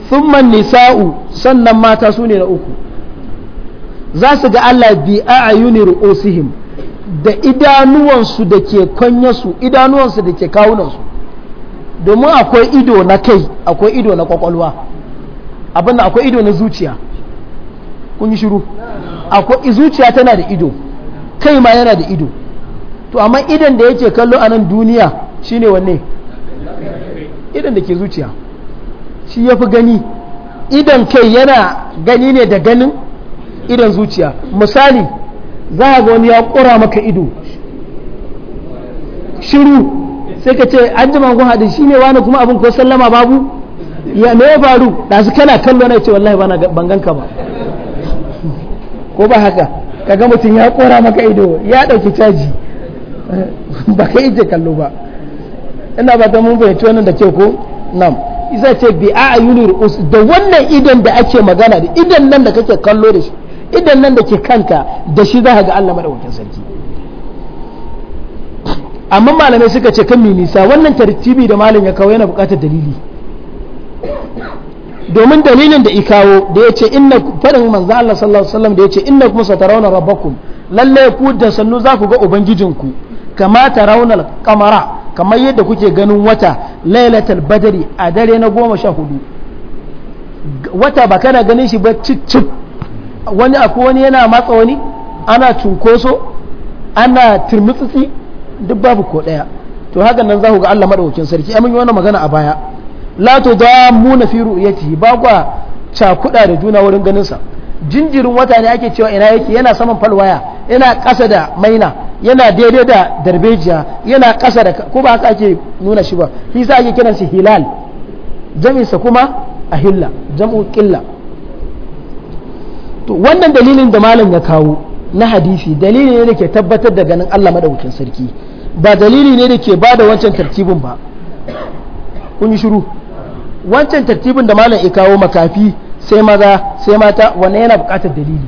S1: thumma nisa'u sannan mata su ne na uku za su ga Allah bi a'yuni ru'usihim da idanuwansu da ke kawunan idanuwansu da ke kawunansu domin akwai ido na kai akwai ido na kwakwalwa abinda akwai ido na zuciya kun yi shiru akwai zuciya tana da ido kai ma yana da ido to amma idan da yake kallo a nan duniya shine wanne idan da ke zuciya shi ya fi gani idan kai yana gani ne da ganin idan zuciya misali za a ga wani ya kura maka ido shiru sai ka ce an jima kun haɗu shi ne wani kuma abin ko sallama babu ya me ya faru da su kana kallo na ce wallahi bana bangan ka ba ko ba haka kaga mutum ya kora maka ido ya ɗauki caji ba ka ije kallo ba ina ba ta mun fahimci wannan da ke ko nam isa ce bi a ayyuni ru'us da wannan idan da ake magana da idan nan da kake kallo da shi idan nan da ke kanka da shi za ka ga Allah madaukakin sarki amma malamai suka ce kan nisa wannan tartibi da malam ya kawo yana bukatar dalili domin dalilin da ikawo da ya ce inna faɗin manzo Allah sallallahu alaihi wasallam da ya ce inna kuma raunar rabbakum lalle ku da sannu za ku ga ubangijinku kama raunar kamara kamar yadda kuke ganin wata lailatul badri a dare na goma sha hudu wata ba kana ganin shi ba cicip wani akwai wani yana matsa wani ana cunkoso ana turmutsitsi duk babu ko daya to haka nan za ku ga Allah madaukakin sarki amin yi wannan magana a baya la na fir'u yati ba kwa kuda da juna wurin ganin sa jinjirin wata ne ake cewa ina yake yana saman falwaya yana kasa da maina yana daidai da darbejiya yana kasa da ko ba haka ake nuna shi ba shi sa ake kiran shi hilal sa kuma a hilla jam'u qilla to wannan dalilin da malam ya kawo na hadisi dalili ne da ke tabbatar da ganin Allah madaukakin sarki ba dalili ne da ke ba da wancan tartibin ba kun yi shiru wancan tartibin da malam ya kawo makafi sai maza sai mata wannan yana buƙatar dalili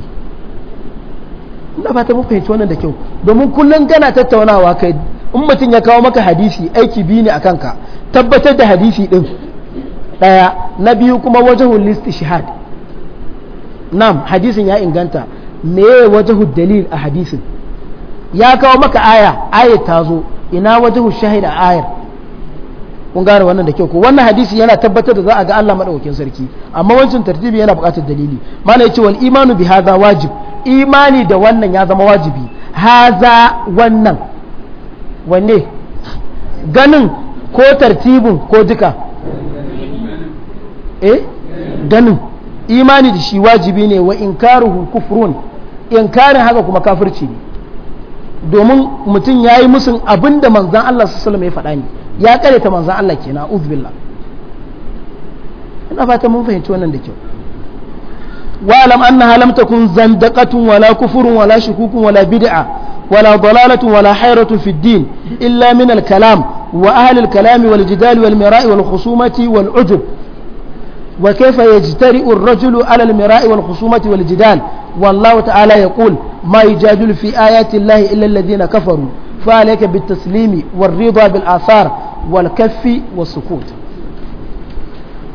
S1: ina ta mun fahimci wannan da kyau domin kullum gana tattaunawa kai in mutum ya kawo maka hadisi aiki biyu ne a kanka tabbatar da hadisi ɗin ɗaya na biyu kuma wajahul shahad nam hadisin ya inganta me wajahul dalil a hadisin ya kawo maka aya aya ta zo ina wajen shahid a ayar kun gane wannan da kyau ko wannan hadisi yana tabbatar da za a ga Allah madaukakin sarki amma wancan tartibi yana buƙatar dalili mana yace wal imanu bi hadha wajib imani da wannan ya zama wajibi haza wannan wanne ganin ko tartibin ko duka eh ganin imani da shi wajibi ne wa inkaruhu kufrun inkarin haka kuma kafirci ne domin mutum ya yi musun abin da manzan Allah su ya faɗa ne ya ta manzan Allah ke na uzbillah ina fata mun fahimci wannan da kyau wa'alam annaha lam kun zandaqatun wala kufurun wala shukukun wala bid'a wala dalalatun wala hayratun fi din illa min al-kalam wa ahli al-kalam wal jidal wal mira'i wal khusumati wal ujub وكيف يجترئ الرجل على المراء والخصومة والجدال والله تعالى يقول ما يجادل في آيات الله إلا الذين كفروا فعليك بالتسليم والرضا بالآثار والكف والسكوت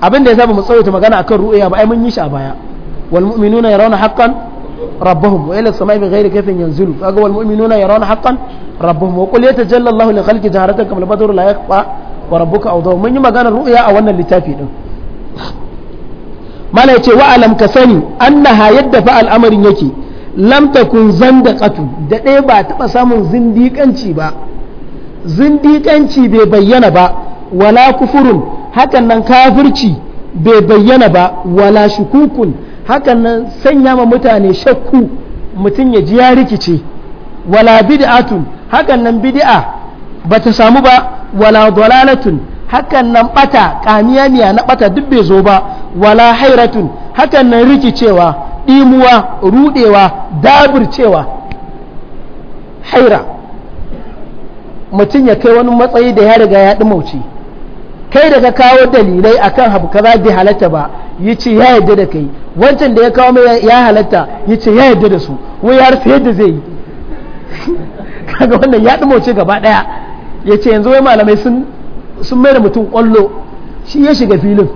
S1: أبن ذهب مصوية مقانا أكل رؤية بأي من يشاء بها والمؤمنون يرون حقا ربهم وإلى السماء بغير كيف ينزلوا فأقوى المؤمنون يرون حقا ربهم وقل يتجلى الله لخلق جهارتك من بدر لا يخفى وربك أوضاه من يمقانا الرؤية أولا لتافي نفسه mala ce wa alam ka sani annaha yadda fa al'amarin yake lam takun zandaqatu da ɗaya ba taɓa samun zindiƙanci ba zindiƙanci bai bayyana ba wala kufurun hakan nan kafirci bai bayyana ba wala shukukun hakan nan sanya ma mutane shakku mutum ya ji ya rikice wala bid'atun hakan nan bid'a ba ta samu ba wala dalalatun hakan nan bata kamiya na ɓata duk bai zo ba wala hairatun hakan nan rikicewa ɗimuwa rudewa daburcewa haira mutum ya kai wani matsayi da ya riga ya ɗi mauci kai da ka kawo dalilai akan abu kaza bai halatta ba yace ce ya yadda da kai wancan da ya kawo mai ya halatta yace ce ya yadda da su wai ya sai yadda zai yi kaga wannan ya ɗi gaba ɗaya ya ce yanzu wai malamai sun mai da mutum ƙwallo shi ya shiga filin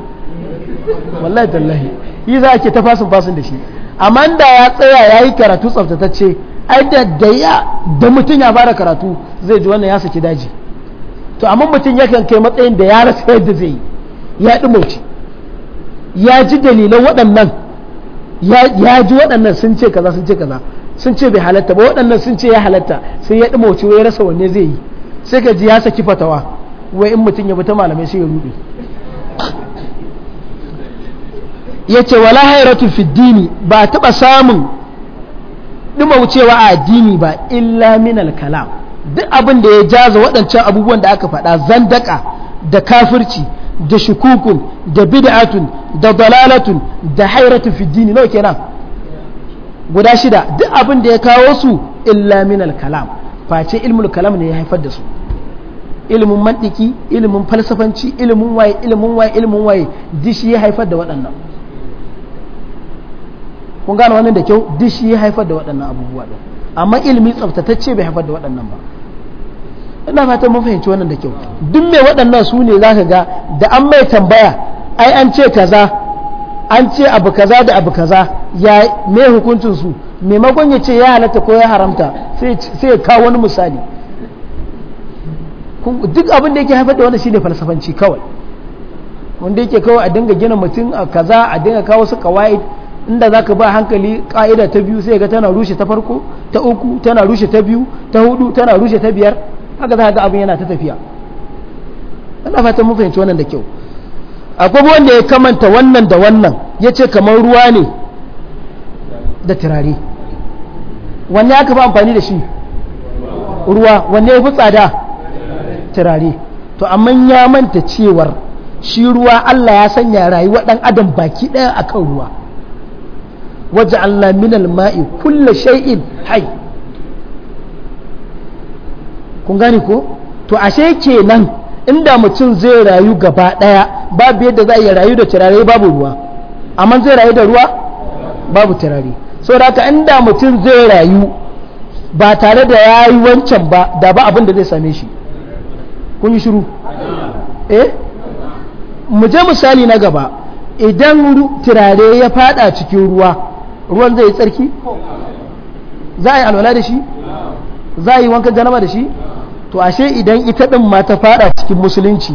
S1: wallahi tallahi yi za a ke ta fasin fasin da shi amma da ya tsaya ya yi karatu tsaftatacce ai da da ya da mutum ya fara karatu zai ji wannan ya saki daji to amma mutum yakan kai matsayin da ya rasa yadda zai yi ya ɗumauci ya ji dalilan waɗannan ya ji waɗannan sun ce kaza sun ce kaza sun ce bai halatta ba waɗannan sun ce ya halatta sai ya ɗumauci wai rasa wanne zai yi sai ka ji ya saki fatawa wai in mutum ya bi ta malamai sai ya ruɗe ya ce wala hairatu fi dini ba taɓa samun ɗumaucewa a addini ba illa min kalam duk abin da ya jaza waɗancan abubuwan da aka faɗa zandaka da kafirci da shukukun da bid'atun da dalalatun da hairatu fi dini nawa kenan guda shida duk abin da ya kawo su illa min kalam face ilmul kalam ne ya haifar da su ilimin mantiki ilimin falsafanci ilimin waye ilimin waye ilimin waye dishi ya haifar da waɗannan kun gane wannan da kyau duk shi ya haifar da waɗannan abubuwa ɗin amma ilimi tsaftatacce bai haifar da waɗannan ba ina fatan mun fahimci wannan da kyau duk mai waɗannan su ne za ka ga da an mai tambaya ai an ce kaza an ce abu kaza da abu kaza ya me hukuncin su maimakon ya ce ya halatta ko ya haramta sai ya kawo wani misali duk abin da yake haifar da wannan shine falsafanci kawai wanda yake kawai a dinga gina mutum a kaza a dinga kawo su kawai inda ka ba hankali ka'ida ta biyu sai ga tana rushe ta farko ta uku tana rushe ta biyu ta hudu tana rushe ta biyar haka za ga abin yana ta tafiya ana fatan mun fahimci wannan da kyau akwai wanda ya kamanta wannan da wannan ya ce kamar ruwa ne da turare wanne aka fi amfani da shi ruwa wanne ya fi tsada turare to amma ya manta cewar shi ruwa Allah ya sanya rayuwa dan adam baki daya akan ruwa waj'alna min al-ma'i kulli shay'in kun gane ko to ashe kenan inda mutum zai rayu gaba daya babu yadda za ya rayu da turare babu ruwa amma zai rayu da ruwa babu turare da haka inda mutum zai rayu ba tare da ya yi wancan ba da ba abin da zai same shi kun yi shiru eh mu je misali na gaba idan turare ya fada cikin ruwa ruwan zai yi tsarki za a yi alwala da shi za a yi wankan janama da shi to ashe idan ita ɗin ma ta fada cikin musulunci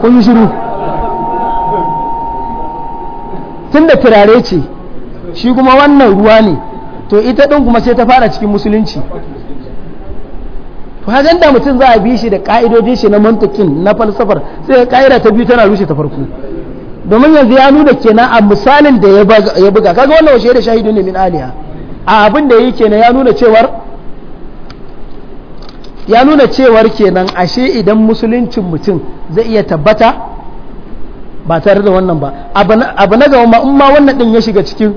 S1: kun yi shiru tun da turare ce shi kuma wannan ruwa ne to ita ɗin kuma sai ta fada cikin musulunci to hagan da mutum za a bi shi da ƙa'idodin shi na mantakin na falsafar sai ƙaira ta biyu tana rushe ta farko domin yanzu ya nuna kenan a misalin da ya buga kaga wannan washe da shahidu ne min aliya a abin da yi kenan ya nuna cewar ya nuna cewar kenan ashe idan musuluncin mutum zai iya tabbata ba tare da wannan ba abu na gaba ma in ma wannan din ya shiga cikin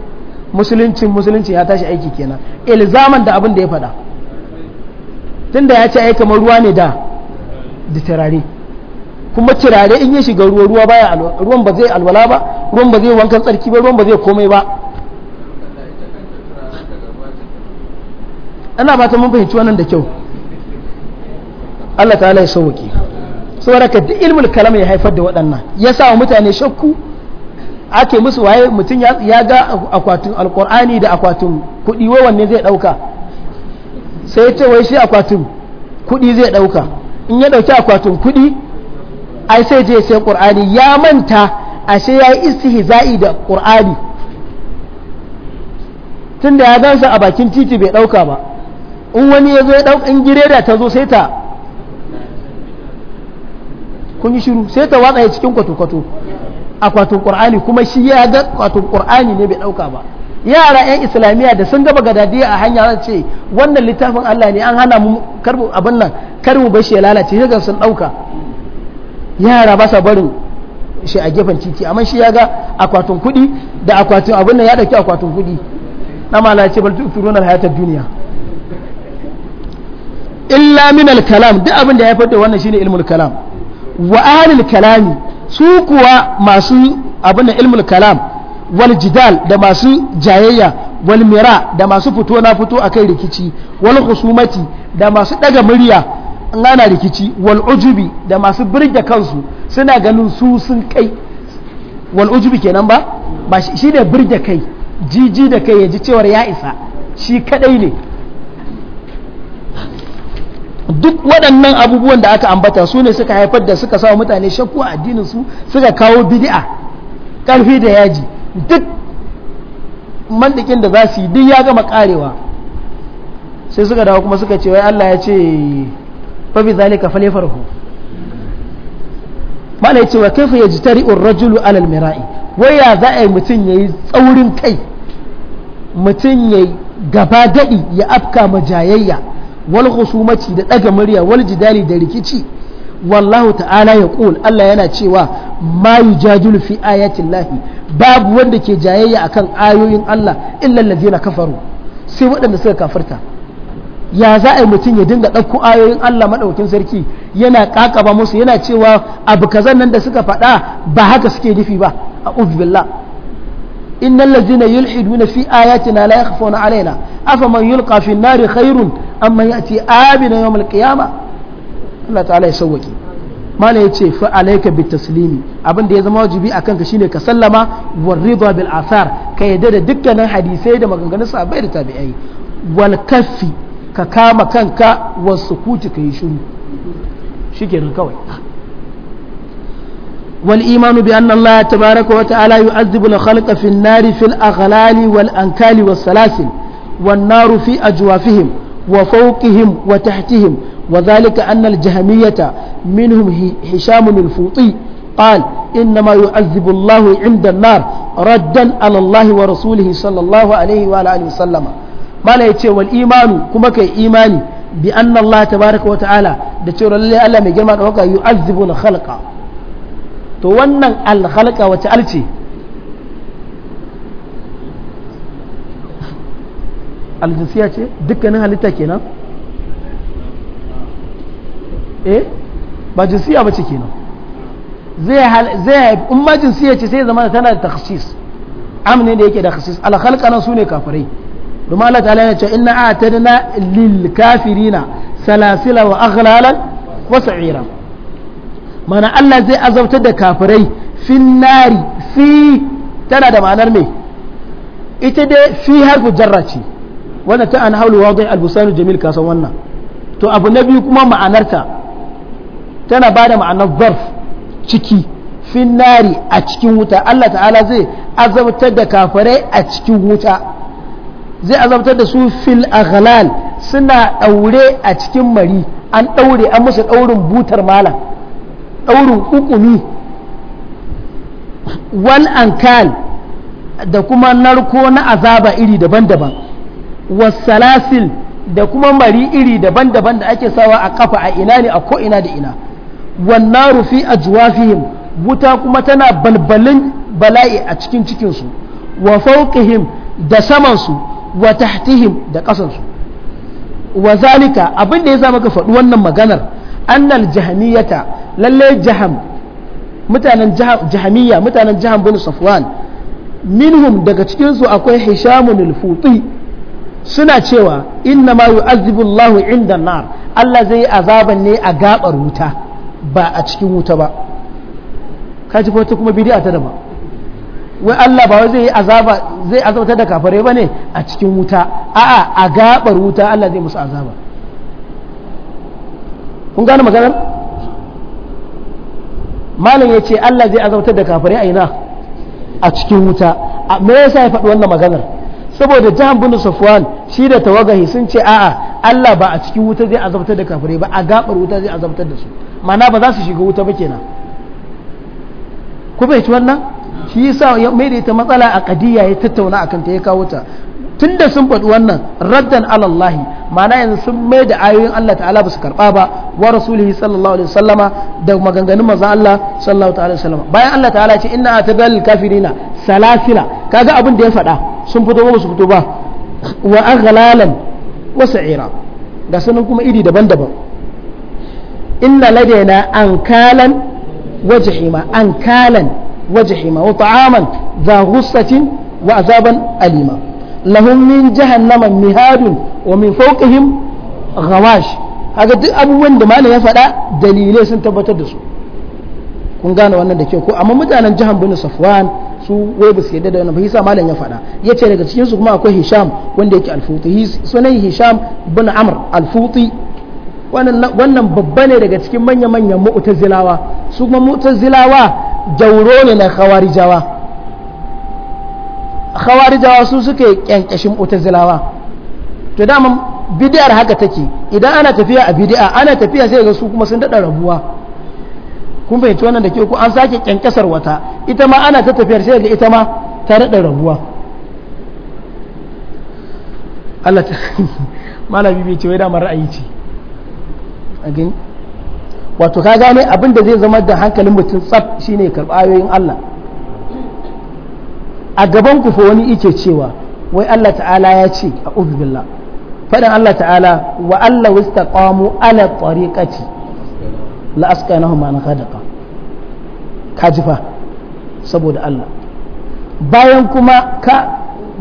S1: musuluncin musuluncin ya tashi aiki kenan ilzaman da abin da ya faɗa tunda ya ce ai kamar ruwa ne da da kuma kirare in ya shiga ruwa ruwa baya ruwan ba zai alwala ba ruwan ba zai wankan tsarki ba ruwan ba zai komai ba ana ta mun fahimci wannan da kyau Allah ta ya sauwaki. saboda ka duk ilmul kalam ya haifar da waɗannan ya sa wa mutane shakku ake musu waye mutum ya ga akwatin alkur'ani da akwatin kuɗi wai wanne zai ɗauka sai ya ce wai shi akwatin kuɗi zai ɗauka in ya ɗauki akwatin kuɗi ai sai je sai qur'ani ya manta ashe yayi istihza'i da qur'ani tunda ya gansa a bakin titi bai dauka ba in wani ya zo ya dauka in gireda ta zo sai ta kun yi shiru sai ta watsa cikin kwato-kwato kwatun qur'ani kuma shi ya ga kwatun qur'ani ne bai dauka ba yara yan islamiyya da sun gaba gadadiya a hanya zan ce wannan littafin Allah ne an hana mu karbu abin nan kar mu bashi ya lalace sai sun dauka yara ba sa barin shi a gefen titi amma shi ya ga akwatin kuɗi da akwatin abin da ya ɗauki akwatin kuɗi na mala ce bal tuturuna hayata duniya illa min al-kalam duk abin da ya fada wannan shine ilmul kalam wa ahlul kalami su kuwa masu abin da ilmul kalam wal jidal da masu jayayya wal mira da masu fito na fito akai rikici wal husumati da masu daga murya ana rikici wal ujubi da masu birge kansu suna ganin su sun kai wal ujubi kenan ba ba shi ne birge kai jiji da kai ya ji cewar ya isa shi kadai ne duk waɗannan abubuwan da aka ambata su ne suka haifar da suka sawa mutane shakku a addinin su suka kawo bid'a karfi da yaji duk mandikin da za su yi duk ya gama karewa sai suka dawo kuma suka ce wai Allah ya ce fa bi zalika falyafrahu malai cewa ya ji tari, rajulu alal mira'i wai waya za a yi mutum yayi tsaurin kai mutum yayi gaba daɗi, ya afka majayayya wal husumaci da daga murya wal jidali da rikici wallahu ta'ala ya ƙul Allah yana cewa ma yujadilu fi ayatin lahi babu wanda ke jayayya akan ayoyin Allah illa allazina kafaru sai waɗanda suka kafirta ya za a yi mutum ya dinga ɗauko ayoyin Allah maɗaukin sarki yana ƙaƙaba musu yana cewa abu kazan nan da suka faɗa ba haka suke nufi ba a billah innal ladzina yulhiduna fi ayatina la yakhfuna alaina afaman yulqa fi nari khairun amma yati abina yawm alqiyama Allah ta'ala ya sauwaki mala yace fa alayka bitaslimi abin da ya zama wajibi akan ka shine ka sallama war ridwa bil athar ka yadda da dukkanin hadisai da maganganun sahabbai da tabi'ai wal kaffi ka kama kanka wasu kuti ka yi shuru shi kawai wal’imanu bi annan laya tabaraka wata ala yi azibu na halka fin nari fil aghalali wal ankali wa salasin wal naru fi a juwafihim wa fauƙihim wa tahtihim wa zalika annal jahamiyata minhum hishamun alfuti قال إنما يعذب الله عند النار ردا على الله ورسوله صلى الله عليه وآله وسلم mala ya ce wal imanu kuma kai imani bi anna Allah tabaraka wa ta'ala da cewa lalle Allah mai girma da haka yu'azzibu al khalqa to wannan al khalqa wace alce al jinsiya ce dukkanin halitta kenan eh ba jinsiya bace kenan zai zai in ma jinsiya ce sai zama tana da takhsis amne da yake da takhsis al khalqa nan sune kafirai domin Allah ta'ala ya ce inna a'tadna lil kafirina salasila wa aghlalan wa sa'ira mana Allah zai azabtar da kafirai fin fi tana da ma'anar me ita dai fi harfu jarra ce wanda ta an haulu albusanu jamil kasan wannan to abu na biyu kuma ma'anarta tana ba da ma'anar zarf ciki fin a cikin wuta Allah ta'ala zai azabtar da kafirai a cikin wuta zai azabtar da su fil aghlal suna daure a cikin mari an daure an musu daurin butar malam daurin hukumi wal ankal da kuma narko na azaba iri daban-daban wasalasil da kuma mari iri daban-daban da ake sawa a kafa a ina ne a ko'ina da ina wannan rufi a juwafihim wuta kuma tana balbalin bala'i a cikin cikinsu wa fauqihim da samansu wa tahtihim da kasansu wa zalika abin da ya zama ka faɗi wannan maganar annal jahamiyata lalle jaham mutanen jahamiyya mutanen jaham bin safwan minhum daga cikinsu akwai hishamun alfuti suna cewa inna ma yu'azzibu Allahu inda nar Allah zai azaban ne a gabar wuta ba a cikin wuta ba kaji ko ta kuma bid'a ta da ba wai Allah ba zai azaba zai azabtar da kafare ba ne a cikin wuta a'a a gabar wuta Allah zai musu azaba kun gane maganar malam ya ce Allah zai azabtar da kafare a ina a cikin wuta me yasa ya faɗi wannan maganar saboda jahan bin safwan shi da tawagahi sun ce a'a Allah ba a cikin wuta zai azabtar da kafare ba a gabar wuta zai azabtar da su mana ba za su shiga wuta ba kenan ku bai ci wannan shi yasa ya mai ita matsala a kadiya ya tattauna akan ta ya kawo ta tunda sun faɗi wannan raddan alallahi ma'ana yanzu sun mai da ayoyin Allah ta'ala ba su karɓa ba wa rasulihi sallallahu alaihi wasallama da maganganun manzon Allah sallallahu ta'ala wasallama bayan Allah ta'ala ce inna atadal kafirina salasila kaga abin da ya faɗa sun fito ba su fito ba wa aghlalan wa sa'ira ga sanin kuma iri daban-daban inna ladaina ankalan wa jahima ankalan وجحيما وطعاما ذا غصة وعذابا أليما لهم من جهنم مهاد ومن فوقهم غواش haka duk abubuwan da malam ya faɗa dalilai sun tabbatar da su kun gane wannan da ke ko amma mutanen jihar bin safwan su wai ba su yadda da wannan ba hisa malam ya fada ya ce daga cikin su kuma akwai hisham wanda yake alfuti sunan hisham bin amr alfuti wannan babba ne daga cikin manya-manyan mu'tazilawa su kuma mu'tazilawa dauro ne na khawarijawa khawarijawa su suke kyankyashin utazilawa to dama bidiyar haka take idan ana tafiya a bid'a ana tafiya sai ga su kuma sun dada rabuwa kun fahimci wannan da ke ku an sake kyankyasar wata ita ma ana ta tafiyar sai ga ita ma ta dada rabuwa Allah ta malami bai ce wai da ra'ayi ce wato ka gane abin da zai zama da hankalin mutum tsaf shine karɓa ayoyin Allah a gaban ku fa wani ike cewa wai Allah ta'ala ya ce a billah faɗin Allah ta'ala wa Allah wastaqamu ala tariqati la askanahum ma naqadaqa kajifa saboda Allah bayan kuma ka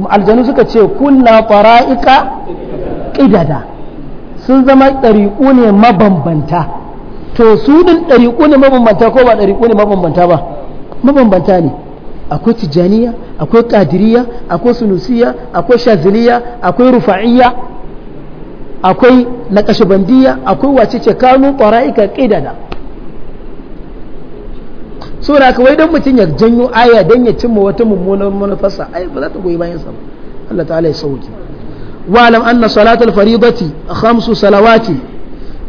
S1: aljanu suka ce kunna fara'ika. qidada sun zama ɗariƙu ne mabambanta to su din ɗariƙu ne mabambanta ko ba ɗariƙu ne mabambanta ba mabambanta ne akwai tijaniya akwai kadiriya akwai sunusiya akwai shaziliya akwai rufa'iyya akwai naƙashibandiya akwai wace ce kanu ƙwara'ika ƙidada so da kawai don mutum ya janyo aya don ya cimma wata mummunar manufarsa ai ba za ta goyi bayan sa Allah ta'ala ya sauki anna salatul faridati khamsu salawati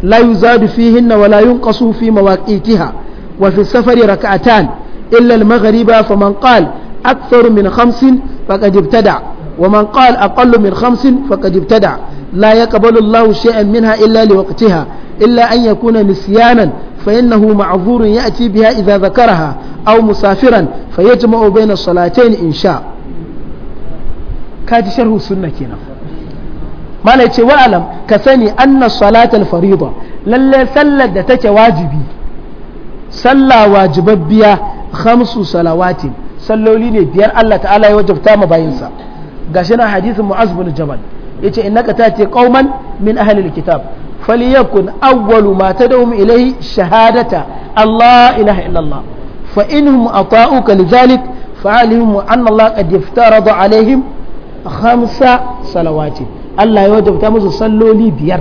S1: لا يزاد فيهن ولا ينقص في مواقيتها وفي السفر ركعتان إلا المغرب فمن قال أكثر من خمس فقد ابتدع ومن قال أقل من خمس فقد ابتدع لا يقبل الله شيئا منها إلا لوقتها إلا أن يكون نسيانا فإنه معذور يأتي بها إذا ذكرها أو مسافرا فيجمع بين الصلاتين إن شاء كاد شره سنة كنا mana ce wa alam ka sani anna salatal fariḍa lallai sallar da take wajibi sallah wajibabbiya khamsu salawatin salloli ne biyar Allah ta'ala ya wajabta ma bayinsa gashi na hadisin mu'az bin jabal yace innaka tati qauman min ahli alkitab falyakun awwalu ma tad'um ilayhi shahadata Allah ilaha illallah fa inhum ata'uka lidhalik fa'alihum anna Allah qad iftarada alaihim khamsa salawatin Allah ya wajabta musu salloli biyar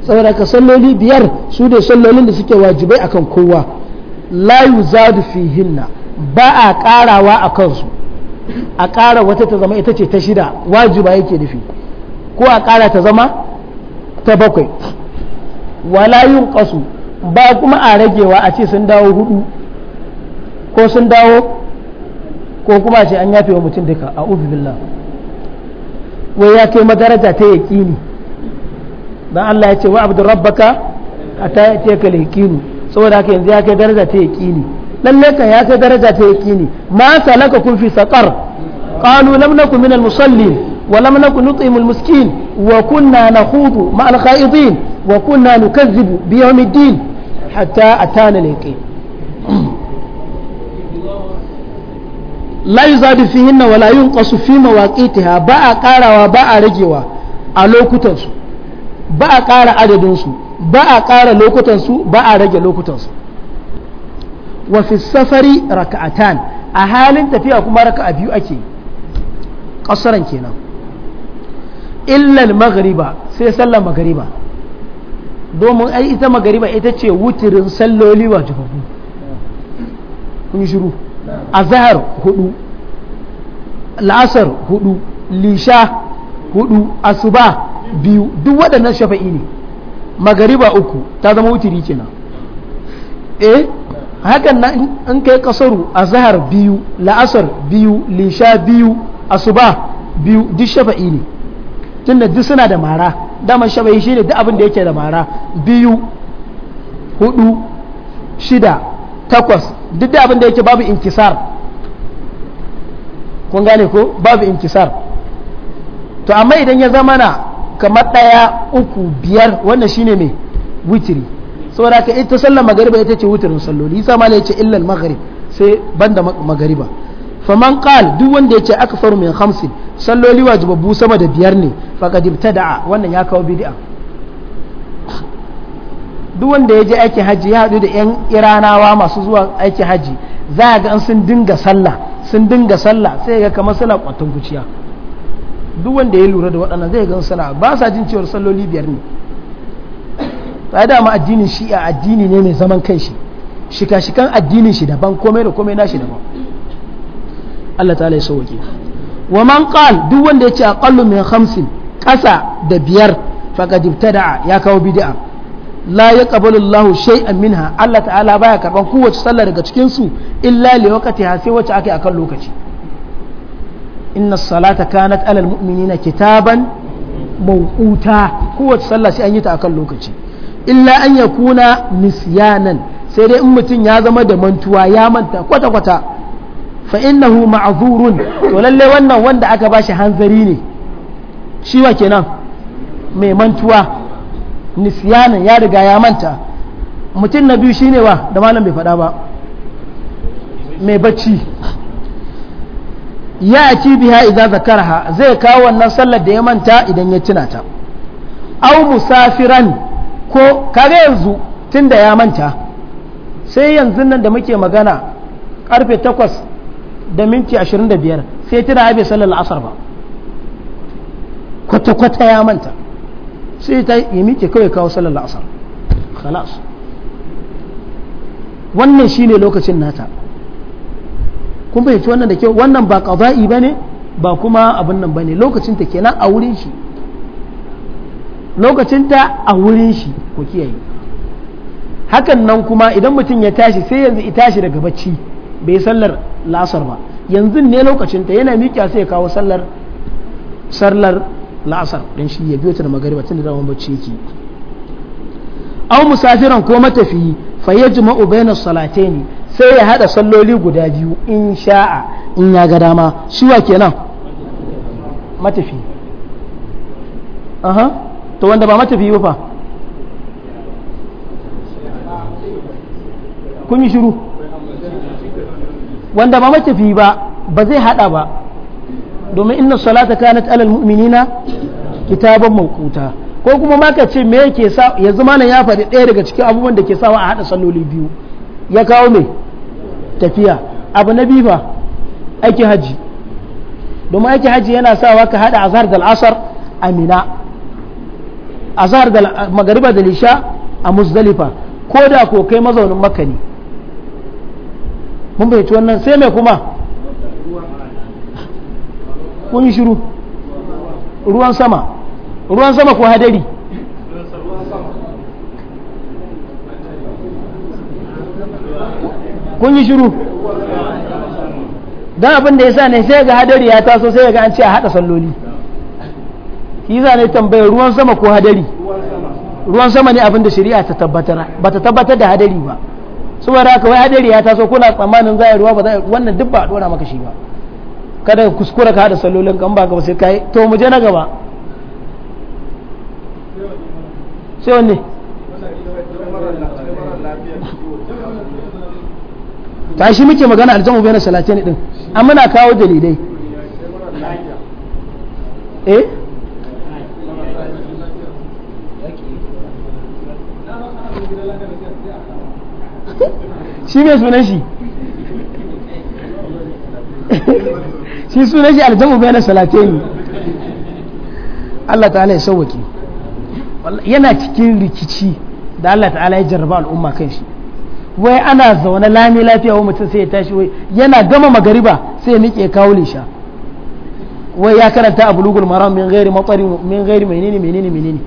S1: saboda ka salloli biyar su da sallolin da suke wajibai akan kowa la yuzadu fihinna ba a karawa a kansu a kara wata ta zama ita ce ta shida wajiba yake nufi ko a kara ta zama ta bakwai wala kasu ba kuma a ragewa a ce sun dawo hudu ko sun dawo ko kuma ce an yafe wa mutum duka a billah ويا ما درجة تيكيني ما الله يتي وعبد ربك أتا يتيك ليكيني سوى ذاك ياك درجة تيكيني لليك ياك درجة تيكيني ما سلككم في سقر قالوا لم نكن من المصلين ولم نكن نطعم المسكين وكنا نخوض مع الخائضين وكنا نكذب بيوم الدين حتى أتانا اليقين la yuzadu fihinna wala yunqasu fi mawaqitiha ba a karawa ba a ragewa a lokutan su ba a kara adadin su ba a kara lokutan su ba a rage lokutan su wa fi safari raka'atan a halin tafiya kuma raka'a biyu ake kasaran kenan illal magariba sai sallar magariba domin ai ita magariba ita ce wutirin salloli wajibabu kun shiru azhar hudu la'asar hudu lisha hudu asuba biyu duk waɗannan shafa'i ne magariba uku ta zama wutiri kenan eh hakan nan in kai kasaru azahar biyu la'asar biyu lisha biyu asuba biyu duk shafa'i ne tunda duk suna da mara dama shafa'i shine duk abin da yake da mara biyu hudu shida takwas duk da abin da yake babu inkisar kun gane ko babu inkisar to amma idan ya zama na kamar ɗaya uku biyar wannan shine mai witiri saboda ka ita sallar magariba ita ce witirin salloli isa ma ya ce illal magharib sai banda magariba faman qal duk wanda yace akfaru min khamsin salloli wajibabu sama da biyar ne faqad ibtada'a wannan ya kawo bid'a duk wanda ya je aikin hajji ya haɗu da 'yan iranawa masu zuwa aikin hajji za a ga an sun dinga sallah sun dinga sallah sai ga kamar suna kwatan kuciya duk wanda ya lura da waɗannan zai ga suna ba sa jin cewar salloli biyar ne ta dama addinin shi'a addini ne mai zaman shi shika-shikan addinin shi daban komai da komai nashi daban Allah ta ya sauke wa man qal duk wanda ya ce aqallu min khamsin ƙasa da biyar faqad ibtada'a ya kawo bid'a la ya qabalullahu shai minha Allah ta'ala baya karban kowace sallah daga cikin su illa li waqtiha sai wacce a kan lokaci inna salata kanat alal mu'minina kitaban mawquta kowace sallah sai an yi ta kan lokaci illa an yakuna nisyanan sai dai in mutum ya zama da mantuwa ya manta kwata kwata fa innahu ma'zurun to lalle wannan wanda aka bashi hanzari ne shi wa kenan mai mantuwa nisyanin ya riga ya manta mutum na biyu shine wa da malam bai faɗa ba mai bacci ya ci biya idan zakarha zai kawo wannan sallar da ya manta idan ya tuna ta au musafiran ko kare yanzu tun da ya manta sai yanzu nan da muke magana karfe 8 da minti 25 sai tuna ya bai sallar asar ba kwata-kwata ya manta sai ta ya miƙe kawai kawo sallar la'asar khalas wannan shine lokacin nata kun fahimci wannan da kyau wannan ba qada'i bane ba kuma abin nan bane lokacin ta kenan a wurin shi lokacin ta a wurin shi ku kiyaye hakan nan kuma idan mutum ya tashi sai yanzu ya tashi daga bacci bai sallar la'asar ba yanzu ne lokacin ta yana miƙa sai ya kawo sallar sallar la'asar don shi ya biyo ta da magariba tun da dawan bacci yake aw musafiran ko matafiyi fa yajma'u bayna salatayn sai ya hada salloli guda biyu in sha'a in ya ga dama shi wa kenan matafi aha to wanda ba matafi ba fa kun yi shiru wanda ba matafi ba ba zai hada ba domin inna salata kanat alal mu'minina kitaban mawquta ko kuma ma ka ce me yake sa yanzu malam ya faɗi ɗaya daga cikin abubuwan da ke sawa a haɗa salloli biyu ya kawo me tafiya abu na biyu fa aiki haji domin aiki haji yana sawa ka haɗa azhar da al'asar a mina azhar da magariba da lisha a muzdalifa ko da ko kai mazaunin makani mun bai wannan sai mai kuma kun shiru ruwan sama ruwan sama ko hadari kun yi shiru don abin da ya sa ne sai ga hadari ya taso sai ga an ce a haɗa salloli shi za ne tambayar ruwan sama ko hadari ruwan sama ne abin da shari'a ta tabbatar ba ta tabbatar da hadari ba saboda haka wai hadari ya taso kuna tsammanin za a ruwa ba za a wannan duk ba a ɗora maka shi ba kada ka kuskura ka da sallolin kan baka ba sai kai to mu je na gaba sai wanne ta shi muke magana aljamu bai na salatin din an muna kawo dalilai eh shi mai sunan shi shi sunan shi aljamu bai na salatain Allah ta'ala ya sauwaki yana cikin rikici da Allah ta'ala ya jarraba al'umma kan shi wai ana zaune lami lafiya wa mutum sai ya tashi wai yana gama magariba sai ya nike kawo lisha wai ya karanta a bulugul maram min gairi matsari min gairi menene menene menene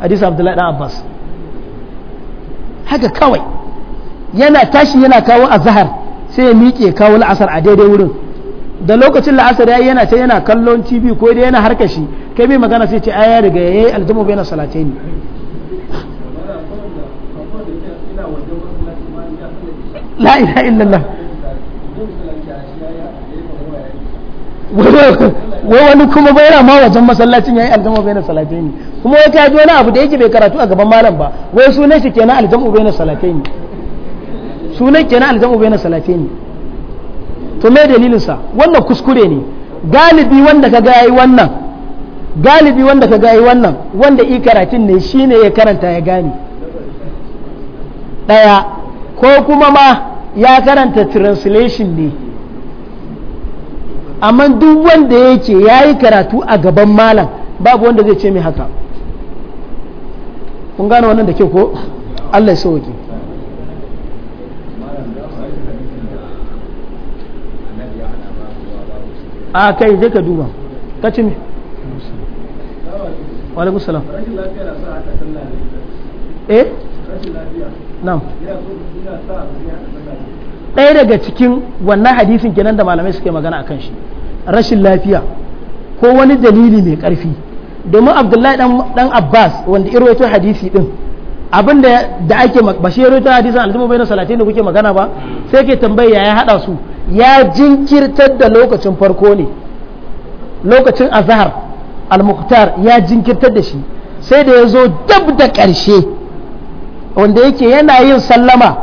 S1: hadisi abdullahi dan abbas haka kawai yana tashi yana kawo azhar sai ya miƙe kawo la'asar a daidai wurin da lokacin la'asar yi yana ce yana kallon tv ko dai yana harka shi kai mai magana sai ce aya daga yayi aljamu bai na salatai ne
S2: la ilaha illallah
S1: wai wani kuma bai rama wajen masallacin yayi aljamu bai na salatai ne kuma wai ta ji wani abu da yake bai karatu a gaban malam ba wai sunan shi kenan aljamu bai na salatai ne sunan kenan aljamu bai na salatai ne to me dalilinsa wannan kuskure ne galibi wanda ka ga yayi wannan galibi wanda ka ga yayi wannan wanda i karatun ne shine ya karanta ya gane daya ko kuma ma ya karanta translation ne amma duk wanda yake yayi karatu a gaban malam babu wanda zai ce mai haka kun gane wannan da ke ko Allah ya sauke
S2: a kai je ka
S1: duba ka ci me wale alaikum salam eh na'am ɗaya daga cikin wannan hadisin kenan da malamai suke magana a kan shi rashin lafiya ko wani dalili mai ƙarfi domin abdullahi dan abbas wanda irwaito hadisi din abin da ake ba shi irwaito hadisin aljumu bai na salatin da kuke magana ba hmm. sai ke tambayi ya haɗa su ya jinkirtar da lokacin farko ne lokacin azhar al-muqtar ya jinkirtar da shi sai da ya zo dab da ƙarshe wanda yake yana yin sallama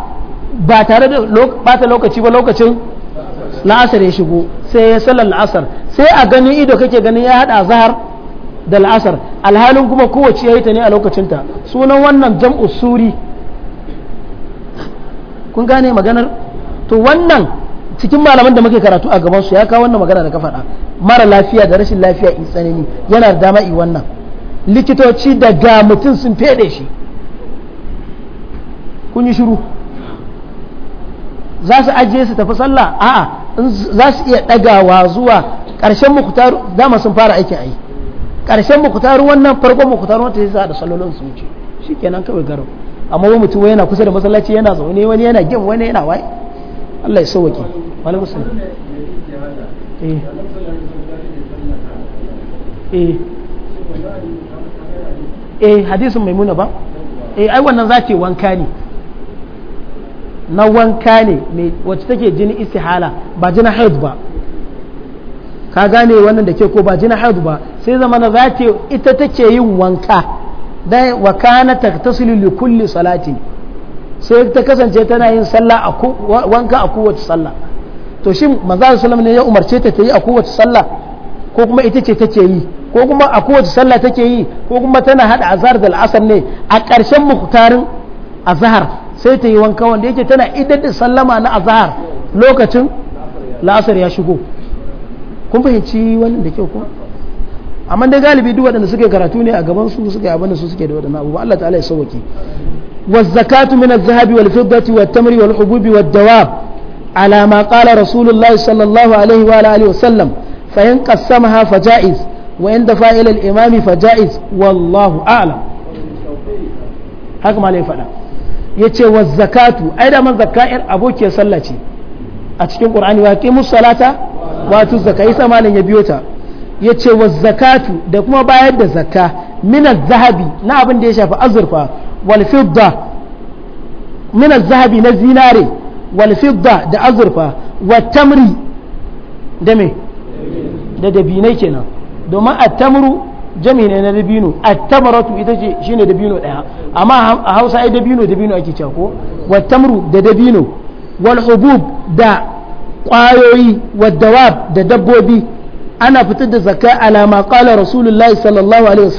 S1: ba tare da bata lokaci ba lokacin la'asar ya shigo sai ya sallar la'asar sai a ganin ido kake ganin ya haɗa zahar da la'asar alhalin kuma kowace ya yi ta ne a lokacinta sunan wannan jam'u suri kun gane maganar to wannan cikin malaman da muke karatu a gaban su ya kawo wannan magana da ka faɗa mara lafiya da rashin lafiya in tsanani yana da dama i wannan likitoci daga mutum sun fede shi kun yi shiru za su ajiye su tafi sallah a'a za su iya ɗagawa zuwa ƙarshen mukutaru dama sun fara aikin ai ƙarshen mukutaru wannan farkon mukutaru wata sa da sallolin su wuce shikenan kawai garau amma wani mutum yana kusa da masallaci yana zaune wani yana gem wani yana waye Allah ya sauwake wani musulun eh eh eh mai muna ba eh ai wannan za ce wanka ne na wanka ne wacce take jini istihala ba jini haid ba ka gane wannan da ke ko ba jini haid ba sai zama na za ita take yin wanka dai wa kana taktasilu li kulli salatin sai ta kasance tana yin sallah a wanka a kowace sallah to shi manzo sallam ne ya umarce ta ta yi a kowace sallah ko kuma ita ce take yi ko kuma a kowace sallah take yi ko kuma tana hada azhar da al'asar ne a ƙarshen muhtarin azhar sai ta yi wanka wanda yake tana idar da sallama na azhar lokacin la'asar ya shigo kun fahimci wannan da kyau ko amma dai galibi duk waɗanda suke karatu ne a gaban su suke abin da su suke da waɗannan abubuwa Allah ta'ala ya sauke والزكاة من الذهب والفضة والتمر والحبوب والدواب على ما قال رسول الله صلى الله عليه وآله وسلم فإن قسمها فجائز وإن دفع إلى الإمام فجائز والله أعلم haka malai faɗa ya ce zakatu ai da man zaka'ir abokiyar sallah ce a cikin ƙur'ani wa ke wato zaka isa ya biyo ta yace ce zakatu da kuma bayar da zakka mina zahabi na abin da ya shafi azurfa wal fidda na zinare wal fidda da azurfa wat tamri da me da kenan domin at jami ne na dabino at ita ce shine dabino daya amma a Hausa ai dabino dabino ake cewa ko tamru da dabino wal hubub da kwayoyi wad dawab da dabbobi ana fitar da zakka alama qala rasulullahi sallallahu alaihi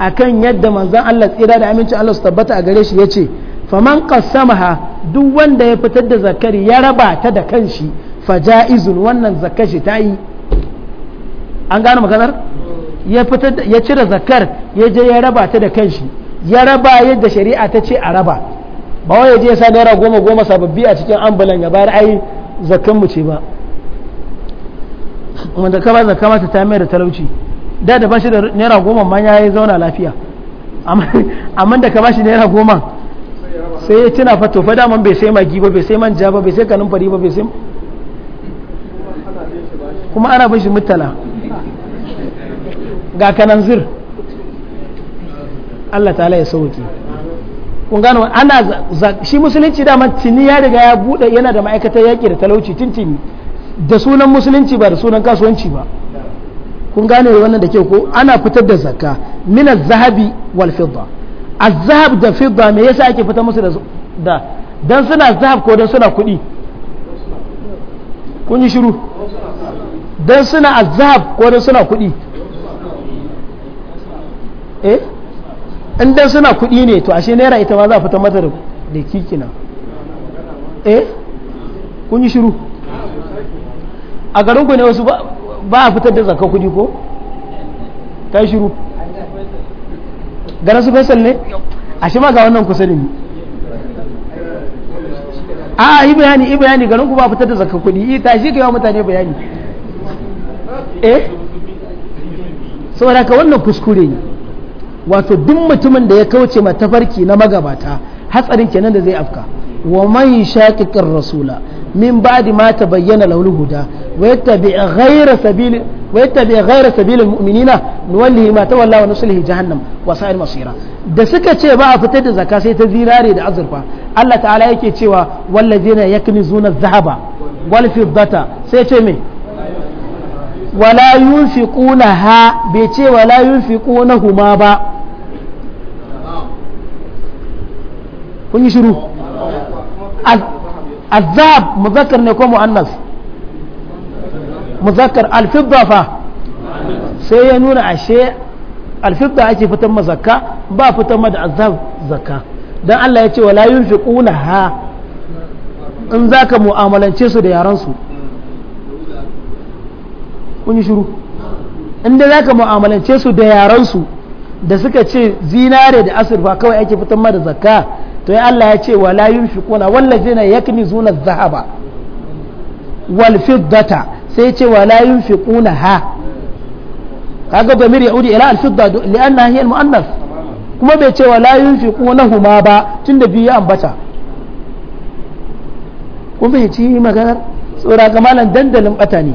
S1: akan yadda manzon Allah tsira da amincin Allah su tabbata a gare shi ya ce faman kasamaha duk wanda ya fitar da zakari ya raba ta da kanshi faja'izun wannan zakar shi ta yi an gane maganar ya fitar ya cire zakar ya je ya raba ta da kanshi ya raba yadda shari'a ta ce a raba ba wai ya je ya sa naira goma goma sababbi a cikin ambulan ya bayar ai zakan mu ce ba wanda ka ba zakama ta mai da talauci da da bashi da naira goma ma ya yi zauna lafiya amma da ka bashi naira goma sai ya tuna fa to fa daman bai sai magi ba bai sai manja ba bai sai kanin fari ba bai sai kuma ana bashi mutala ga kanan zir Allah ta'ala ya sauki kun gano ana shi musulunci dama tuni ya riga ya bude yana da ma'aikatar yaƙi da talauci tintini da sunan musulunci ba da sunan kasuwanci ba kun gane wannan da ke ko ana fitar da zakka min zahabi wal fidda az-zahab da fidda me yasa ake fitar musu da dan suna zahab ko dan suna kuɗi kun yi shiru dan suna az-zahab ko dan suna kuɗi eh in dan suna kuɗi ne to ashe naira ita ma za a fitar mata da kikina eh kun yi shiru a garin ku ne wasu ba ba a fitar da zakka kudi ko ta shiru gara su fesal ne a shi ma ga wannan kusa ne a yi bayani yi bayani garin ku ba fitar da zakka kudi yi shi ga yawan mutane bayani eh saboda ka wannan kuskure ne wato duk mutumin da ya kauce ma tafarki na magabata hatsarin kenan da zai afka ومن يشاقق الرسول من بعد ما تبين له الهدى ويتبع غير سبيل ويتبع غير سبيل المؤمنين نوله ما تولى ونصله جهنم وسائر مصيرا da suka ce ba a fitar da zaka sai ta zirare da azurfa Allah ta'ala yake cewa wallazina yaknizuna zahaba wal fiddata sai ce me wala yunfiquna ha bai ce wala yunfiquna huma ba kun yi shiru الذهب مذكر ne ko mu'annas muzakkar alfidda fa sai ya nuna ashe alfidda ake fitan ma zakka ba fitan ma da azab zakka dan Allah ya ce wala ƙuna ha in za ka mu'amalance su da yaran su kun yi shiru inda zaka mu'amalance su da yaran da suka ce zinare da asirfa kawai ake fitan ma da zakka to ya Allah ya ce wa layin wala yunfiquna wallazina yaknizuna adh zahaba wal fiddata sai ce wa layin wala yunfiquna ha kaga damir yaudi ila al-fidda li'annaha hiya al-mu'annas kuma bai ce wa layin wala yunfiquna huma ba tun da biyu ya ambata kuma bai ci maganar tsora ga malam dandalin bata ne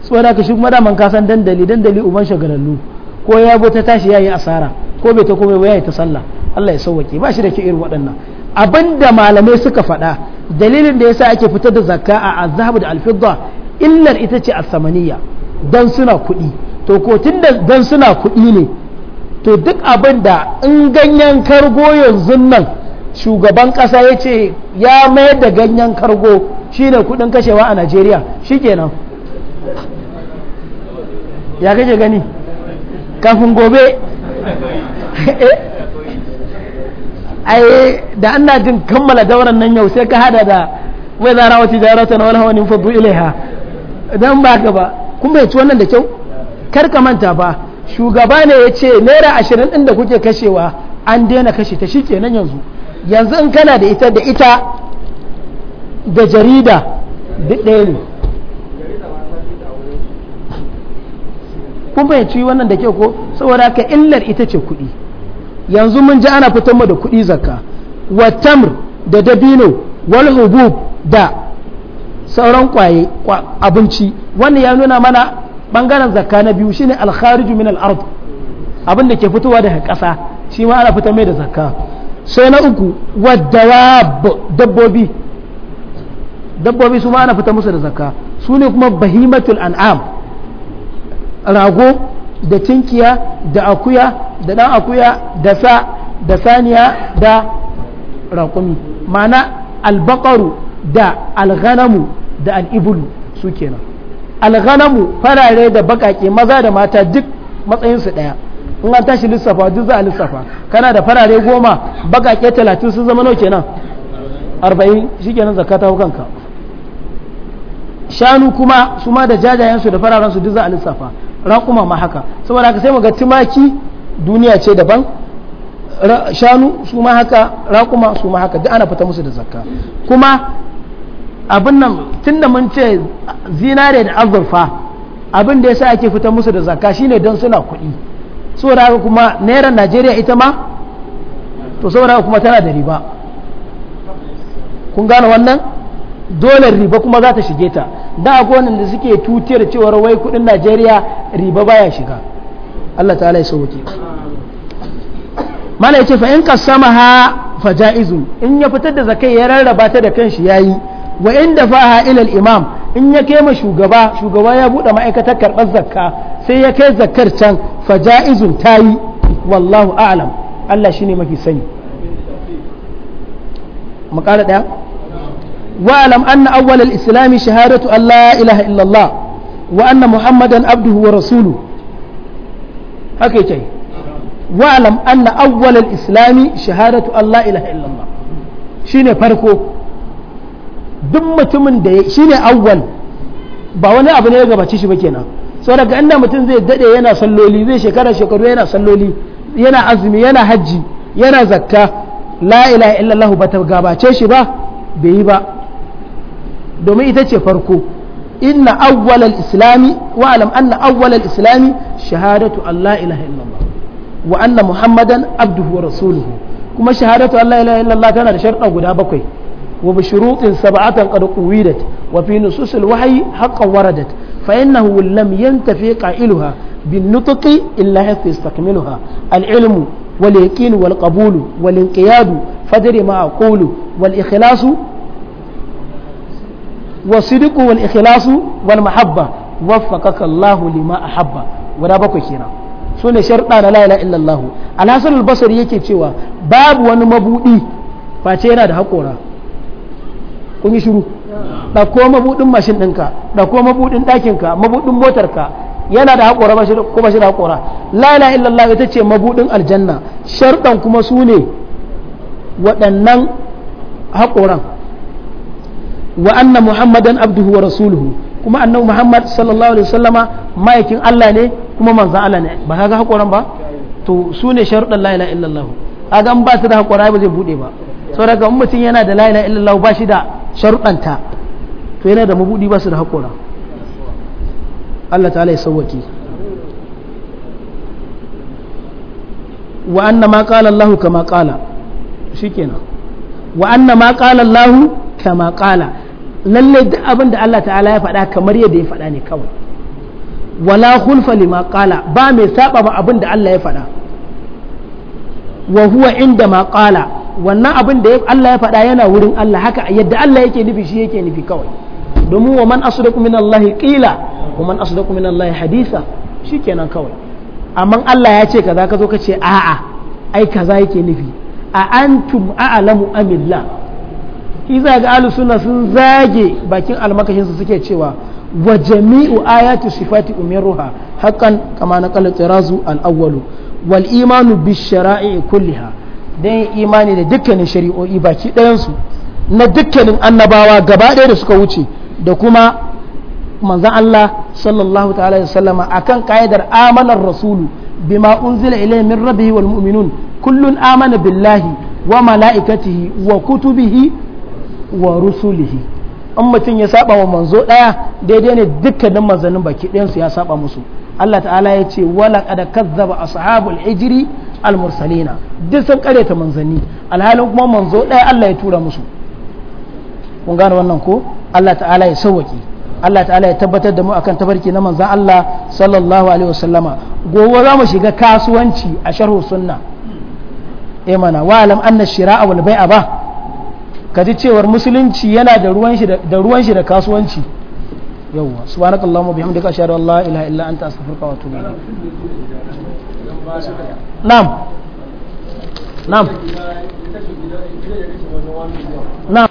S1: tsora ka shi kuma daman kasan dandali dandali uban shagalallu ko ya bota tashi ya yi asara ko bai ta komai ba yayi ta sallah Allah ya sauwake ba shi da irin waɗannan abinda malamai suka faɗa dalilin da ya sa ake fitar da zakka a azhabu da alfidda illar ita ce asamaniya dan suna kuɗi to ko tunda dan suna kuɗi ne to duk abin da in ganyen kargo yanzu nan shugaban ƙasa ya ce ya mayar da ganyen kargo shine kuɗin kashewa a Najeriya shikenan ya kake gani kafin gobe eh? ai da ana jin kammala dauran nan yau sai ka hada da wai zara wata jarata na wani hawanin fadu ilaiha dan ba ka ba kun bai ci wannan da kyau kar ka manta ba shugaba ne ya ce naira ashirin ɗin da kuke kashewa an daina kashe ta shi kenan yanzu yanzu in kana da ita da ita da jarida duk ɗaya ne kun ci wannan da kyau ko saboda ka illar ita ce kuɗi yanzu mun ji ana fitar mu da kuɗi zaka wa da dabino wal hubub da sauran kwaye abinci wannan ya nuna mana bangaren zakka na biyu shine al kharij min al ard abin da ke fitowa daga ƙasa shi ma ana fitar mai da zakka sai na uku wa dawab dabbobi dabbobi su ma ana fitar musu da zakka su ne kuma bahimatul an'am rago da cinkiya da akuya da ɗan akuya da sa da saniya da raƙumi mana albakaru da alghanamu da al'ibulu su kenan alghanamu farare da bakake maza da mata duk matsayinsu ɗaya in an tashi lissafa duk za a lissafa kana da farare goma bakake talatin sun zama nau kenan arba'in shi kenan zakata kanka shanu kuma su ma da jajayensu da fararensu duk za a lissafa raƙuma ma haka saboda haka sai mu ga tumaki duniya ce daban shanu su ma haka raƙuma su ma haka duk ana fita musu da zakka kuma abin nan tunda mun ce zinare da azurfa abin da ya ake fita musu da zakka shine don suna kuɗi saboda haka kuma naira najeriya ita ma to saboda haka kuma tana da riba kun gane wannan dole riba kuma za ta shige ta da gonan da suke tutiyar cewar wai kudin najeriya riba baya shiga allah ta'ala ya sauke mana yace fa in kasama ha Faja'izu in ya fitar da zakai ya rarraba ta da kanshi yayi wa in dafaha ilal imam in ya kai ma shugaba shugaba ya bude ma'aikatar karbar zakka sai ya kai zakkar can fa ja'izun tayi wallahu a'lam Allah shine mafi sani mu daya واعلم أن أول الإسلام شهادة أن لا إله إلا الله وأن محمدا عبده ورسوله هكي شيء واعلم أن أول الإسلام شهادة أن لا إله إلا الله شيني فرقه دم تمن دي شيني ba wani abu ne ya gabace shi ba kenan sau daga inda mutum zai dade yana salloli zai shekara shekaru yana salloli yana azumi yana hajji yana zakka la ilaha illallah ba ta gabace shi ba bai yi ba domin ita ce farko inna awwalal islami wa alam anna awwalal islami shahadatu Allah ilaha illallah wa anna muhammadan abduhu wa rasuluhu kuma shahadatu Allah ilaha illallah tana da sharɗa guda bakwai wa bi shurutin sab'atan qad quwidat wa fi nususil wahyi haqqan waradat fa innahu lam yantafi qailuha bin nutqi illa hatta yastakmiluha al ilmu wal yaqin wal qabul wal inqiyad fadri ma aqulu wal ikhlasu والصدق والإخلاص والمحبة وفقك الله لما أحب ولا بكو كينا سنة شرطة لا إله إلا الله yake cewa يكي تشوى باب ونمبودي فاتينا ده حقورا kun yi ɗauko mabuɗin mashin ɗinka ɗauko mabuɗin ɗakinka mabuɗin motarka yana da haƙora kuma shi da haƙora la ilaha illallah ita ce mabuɗin aljanna sharɗan kuma su ne waɗannan haƙoran wa anna muhammadan abduhu wa rasuluhu kuma annabi muhammad sallallahu alaihi wasallama mayakin Allah ne kuma manzo Allah ne ba kaga hakuran ba to sune sharudan sharuɗan la ilaha illallah kaga an ba su da hakora ba zai bude ba saboda in mutum yana da la ilaha illallah ba shi da sharuɗanta to yana da mabudi ba su da hakora Allah ta'ala ya sauwaki wa anna ma qala Allah kama qala shikenan wa anna ma qala Allah kama qala lallai duk abin da Allah ta'ala ya faɗa kamar yadda ya faɗa ne kawai wala hulfa lima qala ba mai saba ba abin da Allah ya faɗa wa huwa inda ma qala wannan abin da Allah ya faɗa yana wurin Allah haka yadda Allah yake nufi shi yake nufi kawai domin wa man asdaqu min Allah qila wa man asdaqu min Allah hadisa shikenan kawai amma Allah ya ce kaza ka zo ka ce a'a ai kaza yake nufi a antum a'lamu amillah iza ga ahlus sun zage bakin almakashin su suke cewa wa jami'u ayatu sifati umiruha hakan kama na qala tirazu al wal imanu bi shara'i kulliha dan imani da dukkanin shari'o'i baki ɗayan su na dukkanin annabawa gaba ɗaya da suka wuce da kuma manzan Allah sallallahu ta'ala da sallama akan ka'idar amanar rasulu bima unzila ilai min rabbihi wal mu'minun kullun amana billahi wa mala'ikatihi wa kutubihi wa rusulihi in mutum ya saba wa manzo daya daidai ne dukkanin manzannin baki ɗayan su ya saba musu Allah ta'ala ya ce wala kada kazzaba ashabul hijri al mursalina duk sun kareta manzanni alhalin kuma manzo daya Allah ya tura musu kun gane wannan ko Allah ta'ala ya sauwaki Allah ta'ala ya tabbatar da mu akan tabarki na manzan Allah sallallahu alaihi wasallama gobe za mu shiga kasuwanci a sharhu sunna eh mana wa alam anna shira'a wal bai'a ba ka ji cewar musulunci yana da ruwan shi da kasuwanci yawwa subhanakallahumma bihamdika ashhadu an la ilaha illa anta astaghfiruka wa atubu ilayk na'am na'am na'am